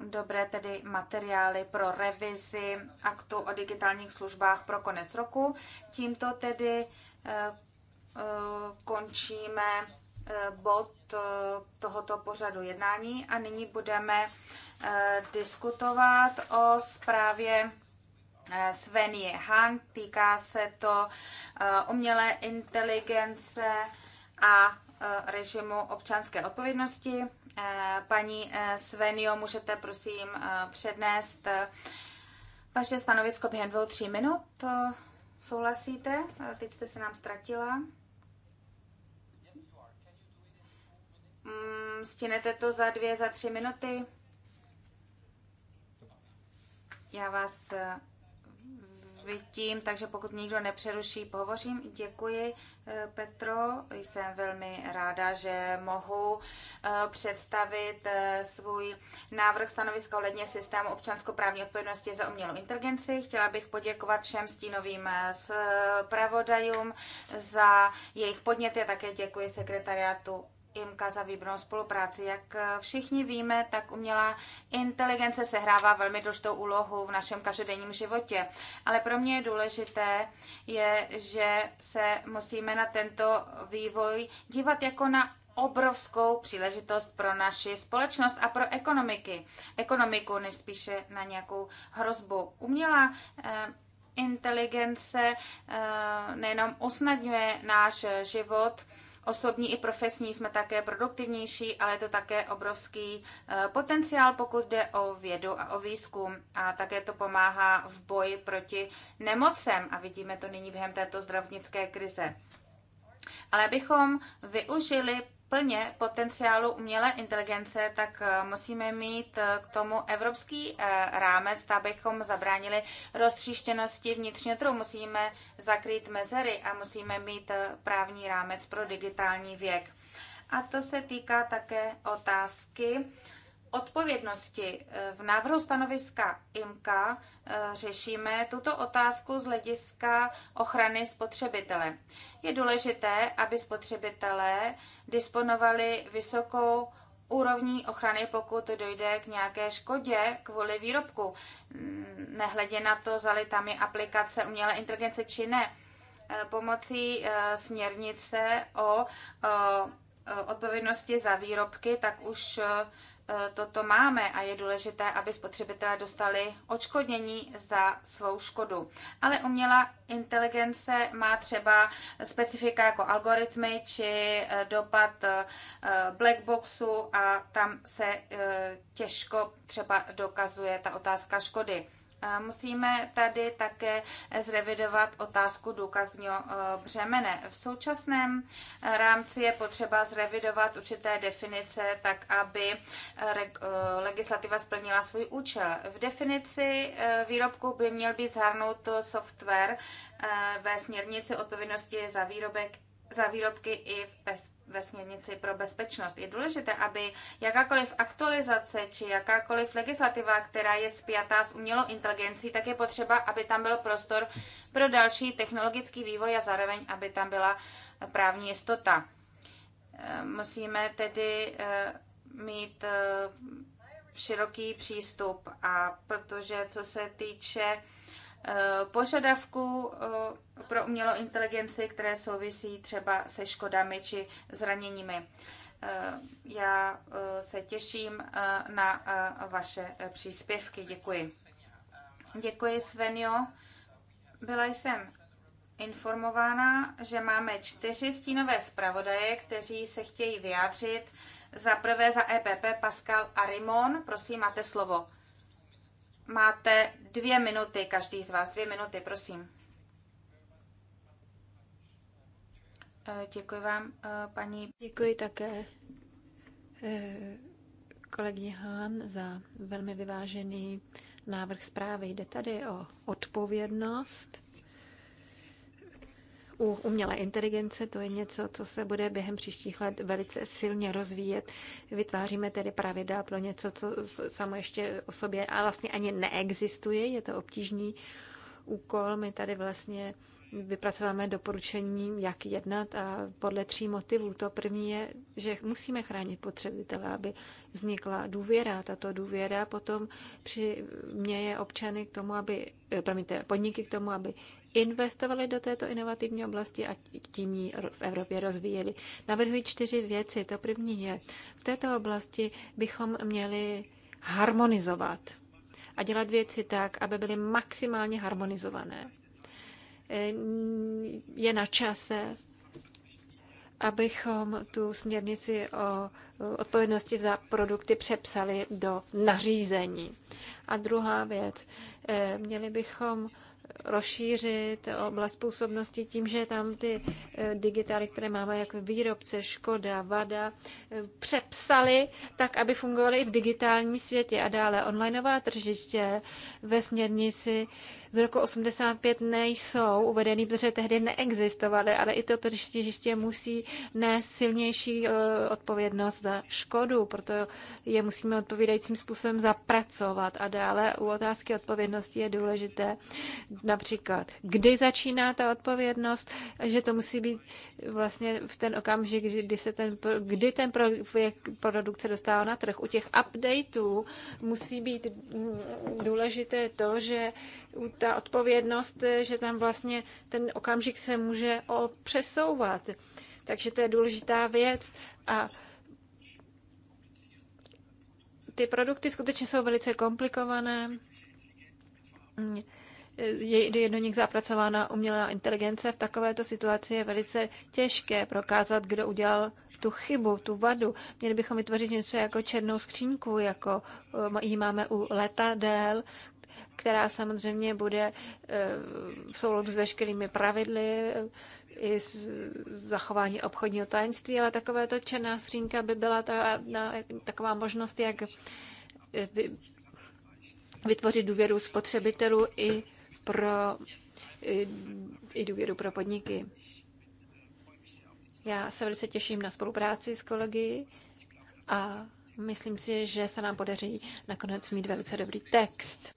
dobré tedy materiály pro revizi aktu o digitálních službách pro konec roku. Tímto tedy eh, eh, končíme bod tohoto pořadu jednání a nyní budeme diskutovat o zprávě Eh, Svenie Han. Týká se to eh, umělé inteligence a eh, režimu občanské odpovědnosti. Paní Svenio, můžete prosím přednést vaše stanovisko během dvou, tří minut. Souhlasíte? Teď jste se nám ztratila. Mm, Stínete to za dvě, za tři minuty? Já vás vidím, takže pokud nikdo nepřeruší, pohovořím. Děkuji, eh, Petro. Jsem velmi ráda, že mohu eh, představit eh, svůj návrh stanoviska ohledně systému občanskoprávní odpovědnosti za umělou inteligenci. Chtěla bych poděkovat všem stínovým zpravodajům za jejich podněty a také děkuji sekretariátu IMKA za výbornou spolupráci. Jak eh, všichni víme, tak umělá inteligence sehrává velmi důležitou úlohu v našem každodenním životě. Ale pro mě je důležité, je, že se musíme na tento vývoj dívat jako na obrovskou příležitost pro naši společnost a pro ekonomiky. Ekonomiku než spíše na nějakou hrozbu. Umělá eh, inteligence eh, nejenom usnadňuje náš život, osobní i profesní, jsme také produktivnější, ale je to také obrovský eh, potenciál, pokud jde o vědu a o výzkum. A také to pomáhá v boji proti nemocem a vidíme to nyní během této zdravotnické krize. Ale abychom využili plně potenciálu umělé inteligence, tak eh, musíme mít eh, k tomu evropský eh, rámec, abychom zabránili roztříštěnosti vnitřního trhu. Musíme zakrýt mezery a musíme mít právní rámec pro digitální věk. A to se týká také otázky odpovědnosti. Eh, v návrhu stanoviska IMKA eh, řešíme tuto otázku z hlediska ochrany spotřebitele. Je důležité, aby spotřebitelé disponovali vysokou úrovní ochrany, pokud dojde k nějaké škodě kvůli výrobku. Mm, nehledě na to, zali tam je aplikace umělé inteligence či ne. Eh, pomocí směrnice o odpovědnosti za výrobky, tak už Eh, toto máme a je důležité, aby spotřebitelé dostali očkodnění za svou škodu. Ale umělá inteligence má třeba specifika jako algoritmy či eh, dopad eh, blackboxu a tam se těžko třeba dokazuje ta otázka škody. Musíme tady také zrevidovat otázku důkazního eh, břemene. V současném eh, rámci je potřeba zrevidovat určité definice tak, aby eh, legislativa splnila svůj účel. V definici výrobku by měl být zahrnut software ve směrnici odpovědnosti za výrobek za výrobky i v ve směrnici pro bezpečnost. Je důležité, aby jakákoliv aktualizace či jakákoliv legislativa, která je spjatá s umělou inteligencí, tak je potřeba, aby tam byl prostor pro další technologický vývoj a zároveň, aby tam byla právní jistota. Eh, musíme tedy eh, mít eh, široký přístup a protože co se týče Eh, požadavků eh, pro umělou inteligenci, které souvisí třeba se škodami či zraněními. Eh, já se těším na vaše příspěvky. Děkuji. Děkuji, Svenio. Byla jsem informována, že máme čtyři stínové zpravodaje, kteří se chtějí vyjádřit. Za prvé za EPP Pascal Arimon. Prosím, máte slovo. Máte dvě minuty, každý z vás, dvě minuty, prosím. Eh, děkuji vám, eh, paní. Děkuji také eh, kolegyně Hán za velmi vyvážený návrh zprávy. Jde tady o odpovědnost u umělé inteligence. To je něco, co se bude během příštích let velice silně rozvíjet. Vytváříme tedy pravidla pro něco, co samo ještě o sobě a vlastně ani neexistuje. Je to obtížný úkol. My tady vlastně vypracováme doporučení, jak jednat a podle tří motivů. To první je, že musíme chránit potřebitele, aby vznikla důvěra. Tato důvěra potom přiměje občany k tomu, aby, eh, promiňte, podniky k tomu, aby investovali do této inovativní oblasti a tím ji v Evropě rozvíjeli. Navrhuji čtyři věci. To první je, v této oblasti bychom měli harmonizovat a dělat věci tak, aby byly maximálně harmonizované. E, je na čase, abychom tu směrnici o odpovědnosti za produkty přepsali do nařízení. A druhá věc, e, měli bychom rozšířit oblast působnosti tím, že tam ty eh, digitály, které máme jako výrobce, Škoda, Vada, eh, přepsali tak, aby fungovaly i v digitálním světě a dále onlineová tržiště ve směrnici z roku 85 nejsou uvedený, protože tehdy neexistovaly, ale i to tržiště musí nést silnější eh, odpovědnost za škodu, proto je musíme odpovídajícím způsobem zapracovat a dále u otázky odpovědnosti je důležité například, kdy začíná ta odpovědnost, že to musí být vlastně v ten okamžik, kdy, kdy se ten, kdy ten produkt se dostává na trh. U těch updateů musí být mm, důležité to, že ta odpovědnost, že tam vlastně ten okamžik se může přesouvat. Takže to je důležitá věc a ty produkty skutečně jsou velice komplikované. Mm je do nich zapracována umělá inteligence, v takovéto situaci je velice těžké prokázat, kdo udělal tu chybu, tu vadu. Měli bychom vytvořit něco jako černou skřínku, jako eh, ji máme u letadel, která samozřejmě bude eh, v souladu s veškerými pravidly eh, i zachování obchodního tajemství, ale takovéto černá skřínka by byla ta, na, taková možnost, jak vytvořit důvěru spotřebitelů i pro i důvěru pro podniky. Já se velice těším na spolupráci s kolegy a myslím si, že se nám podaří nakonec mít velice dobrý text.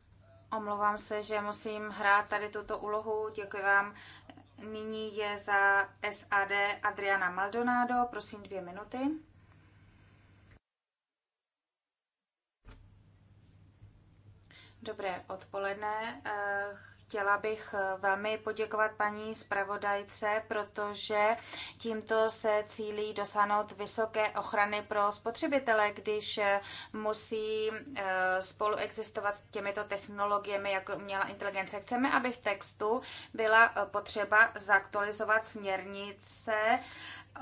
Omlouvám se, že musím hrát tady tuto úlohu. Děkuji vám. Nyní je za SAD Adriana Maldonado. Prosím dvě minuty. Dobré odpoledne. Eh, Chtěla bych eh, velmi poděkovat paní zpravodajce, protože tímto se cílí dosáhnout vysoké ochrany pro spotřebitele, když eh, musí eh, spoluexistovat s těmito technologiemi, jako měla inteligence. Chceme, aby v textu byla potřeba zaktualizovat směrnice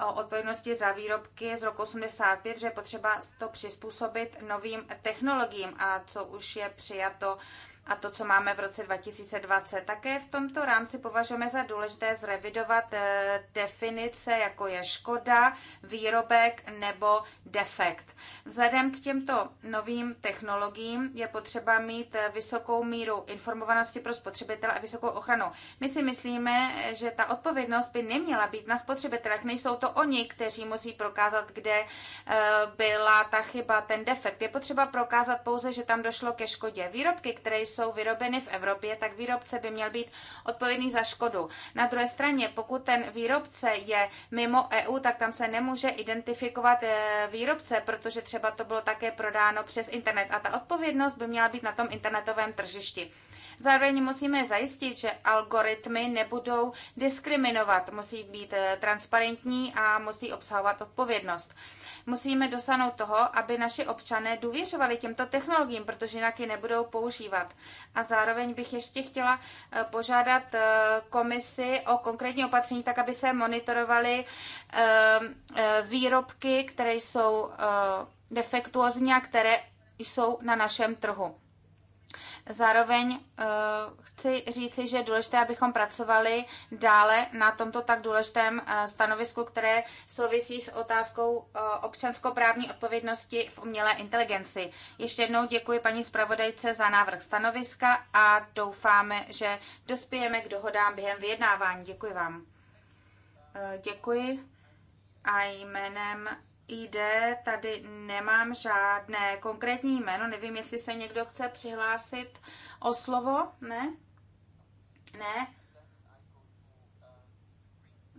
o odpovědnosti za výrobky z roku 85, že je potřeba to přizpůsobit novým technologiím a co už je přijato a to, co máme v roce 2020. Také v tomto rámci považujeme za důležité zrevidovat eh, definice, jako je škoda, výrobek nebo defekt. Vzhledem k těmto novým technologiím je potřeba mít eh, vysokou míru informovanosti pro spotřebitele a vysokou ochranu. My si myslíme, že ta odpovědnost by neměla být na spotřebitelech, nejsou to oni, kteří musí prokázat, kde eh, byla ta chyba, ten defekt. Je potřeba prokázat pouze, že tam došlo ke škodě. Výrobky, které jsou jsou vyrobeny v Evropě, tak výrobce by měl být odpovědný za škodu. Na druhé straně, pokud ten výrobce je mimo EU, tak tam se nemůže identifikovat eh, výrobce, protože třeba to bylo také prodáno přes internet a ta odpovědnost by měla být na tom internetovém tržišti. Zároveň musíme zajistit, že algoritmy nebudou diskriminovat, musí být eh, transparentní a musí obsahovat odpovědnost. Musíme dosáhnout toho, aby naši občané důvěřovali těmto technologiím, protože jinak je nebudou používat. A zároveň bych ještě chtěla eh, požádat eh, komisi o konkrétní opatření, tak aby se monitorovaly ehm, eh, výrobky, které jsou defektuózní a které jsou na našem trhu. Zároveň eh, chci říci, že je důležité, abychom pracovali dále na tomto tak důležitém eh, stanovisku, které souvisí s otázkou eh, občanskoprávní odpovědnosti v umělé inteligenci. Ještě jednou děkuji paní zpravodajce za návrh stanoviska a doufáme, že dospějeme k dohodám během vyjednávání. Děkuji vám. Děkuji a jménem ID tady nemám žádné konkrétní jméno, nevím, jestli se někdo chce přihlásit o slovo, ne? Ne?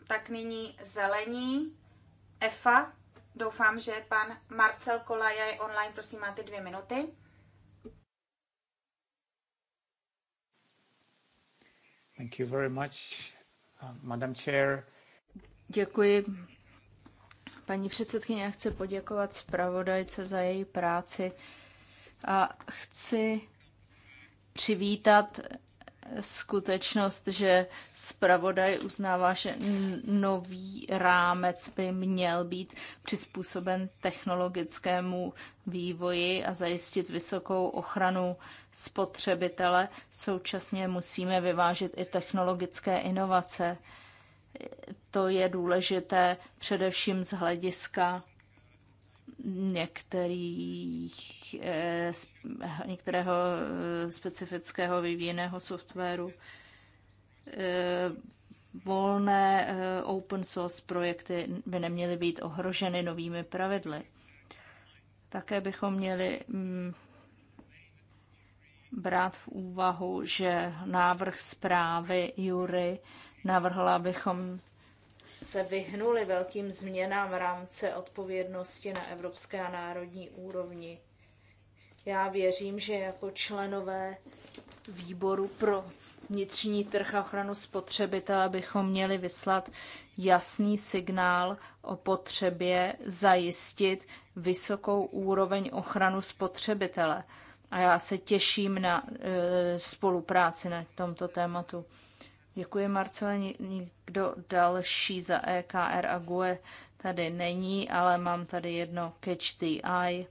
Tak nyní zelení, EFA, doufám, že pan Marcel Kolaja je online, prosím, máte dvě minuty. Thank you very much, uh, Madam Chair. Děkuji, Paní předsedkyně, já chci poděkovat zpravodajce za její práci a chci přivítat skutečnost, že zpravodaj uznává, že nový rámec by měl být přizpůsoben technologickému vývoji a zajistit vysokou ochranu spotřebitele. Současně musíme vyvážit i technologické inovace to je důležité především z hlediska některých, eh, eh, některého eh, specifického vyvíjeného softwaru. Volné open source projekty by neměly být ohroženy novými pravidly. Také bychom měli mm, brát v úvahu, že návrh zprávy Jury navrhla, abychom se vyhnuli velkým změnám v rámci odpovědnosti na evropské a národní úrovni. Já věřím, že jako členové výboru pro vnitřní trh a ochranu spotřebitele bychom měli vyslat jasný signál o potřebě zajistit vysokou úroveň ochranu spotřebitele. A já se těším na e, spolupráci na tomto tématu. Děkuji, Marcele. Nikdo další za EKR a GUE tady není, ale mám tady jedno catch the eye.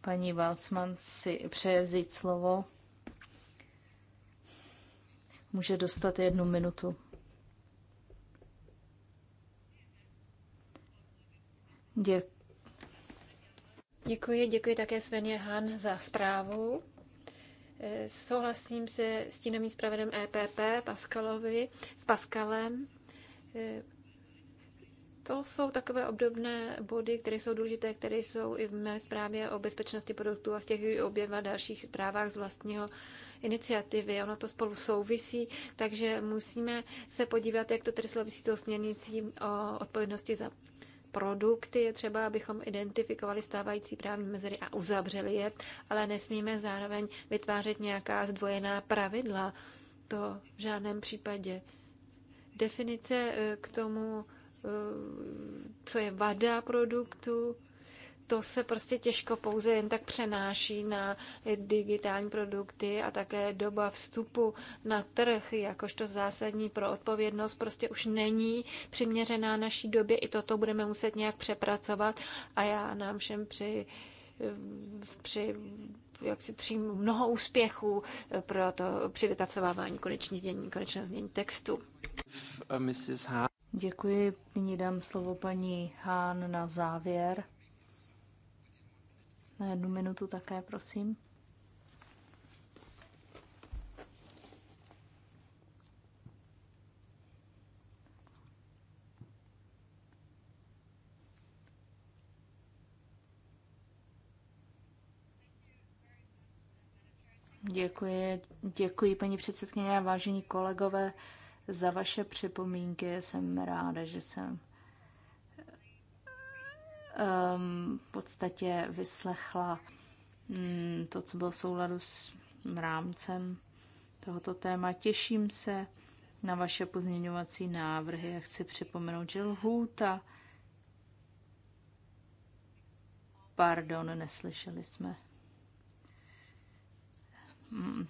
Paní Valcman si přeje vzít slovo. Může dostat jednu minutu. Děkuji. Děkuji, děkuji také Sveně Han za zprávu. Souhlasím se stínovým zpravedem EPP Paskalovi, s Paskalem. E, to jsou takové obdobné body, které jsou důležité, které jsou i v mé zprávě o bezpečnosti produktů a v těch oběma dalších zprávách z vlastního iniciativy. Ono to spolu souvisí, takže musíme se podívat, jak to tedy souvisí s tou směrnicí o odpovědnosti za produkty, je třeba, abychom identifikovali stávající právní mezery a uzavřeli je, ale nesmíme zároveň vytvářet nějaká zdvojená pravidla. To v žádném případě. Definice eh, k tomu, eh, co je vada produktu, to se prostě těžko pouze jen tak přenáší na digitální produkty a také doba vstupu na trh, jakožto zásadní pro odpovědnost, prostě už není přiměřená naší době. I toto budeme muset nějak přepracovat a já nám všem při, při jak si přijmu mnoho úspěchů pro to při vypracovávání koneční znění, konečného znění textu. Děkuji. Nyní dám slovo paní Hán na závěr na jednu minutu také, prosím. Děkuji, děkuji paní předsedkyně a vážení kolegové za vaše připomínky. Jsem ráda, že jsem Um, v podstatě vyslechla mm, to, co bylo v souladu s rámcem tohoto téma. Těším se na vaše pozměňovací návrhy a chci připomenout, že lhůta. Pardon, neslyšeli jsme. Mm,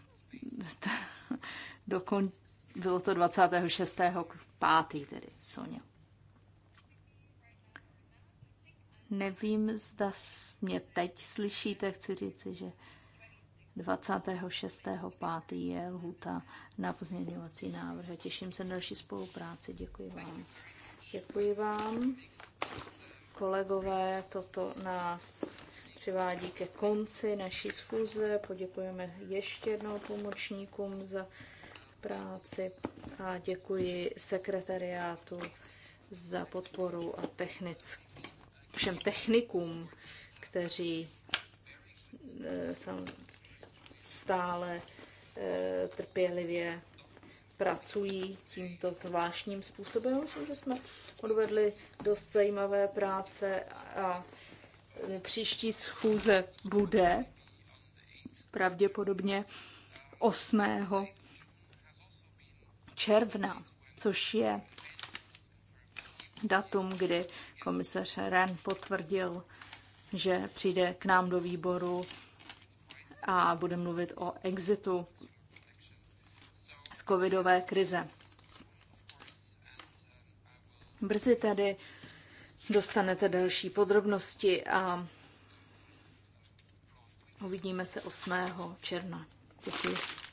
dokon... Bylo to 26. 5. tedy, Soně. Nevím, zda mě teď slyšíte, chci říci, že 26.5. je lhůta na pozměňovací návrh. Těším se na další spolupráci. Děkuji vám. Děkuji vám. Kolegové, toto nás přivádí ke konci naší schůze. Poděkujeme ještě jednou pomočníkům za práci a děkuji sekretariátu za podporu a technickou všem technikům, kteří eh, stále eh, trpělivě pracují tímto zvláštním způsobem. Myslím, že jsme odvedli dost zajímavé práce a eh, příští schůze bude pravděpodobně 8. června, což je datum, kdy komisař Ren potvrdil, že přijde k nám do výboru a bude mluvit o exitu z covidové krize. Brzy tady dostanete další podrobnosti a uvidíme se 8. června. Děkuji.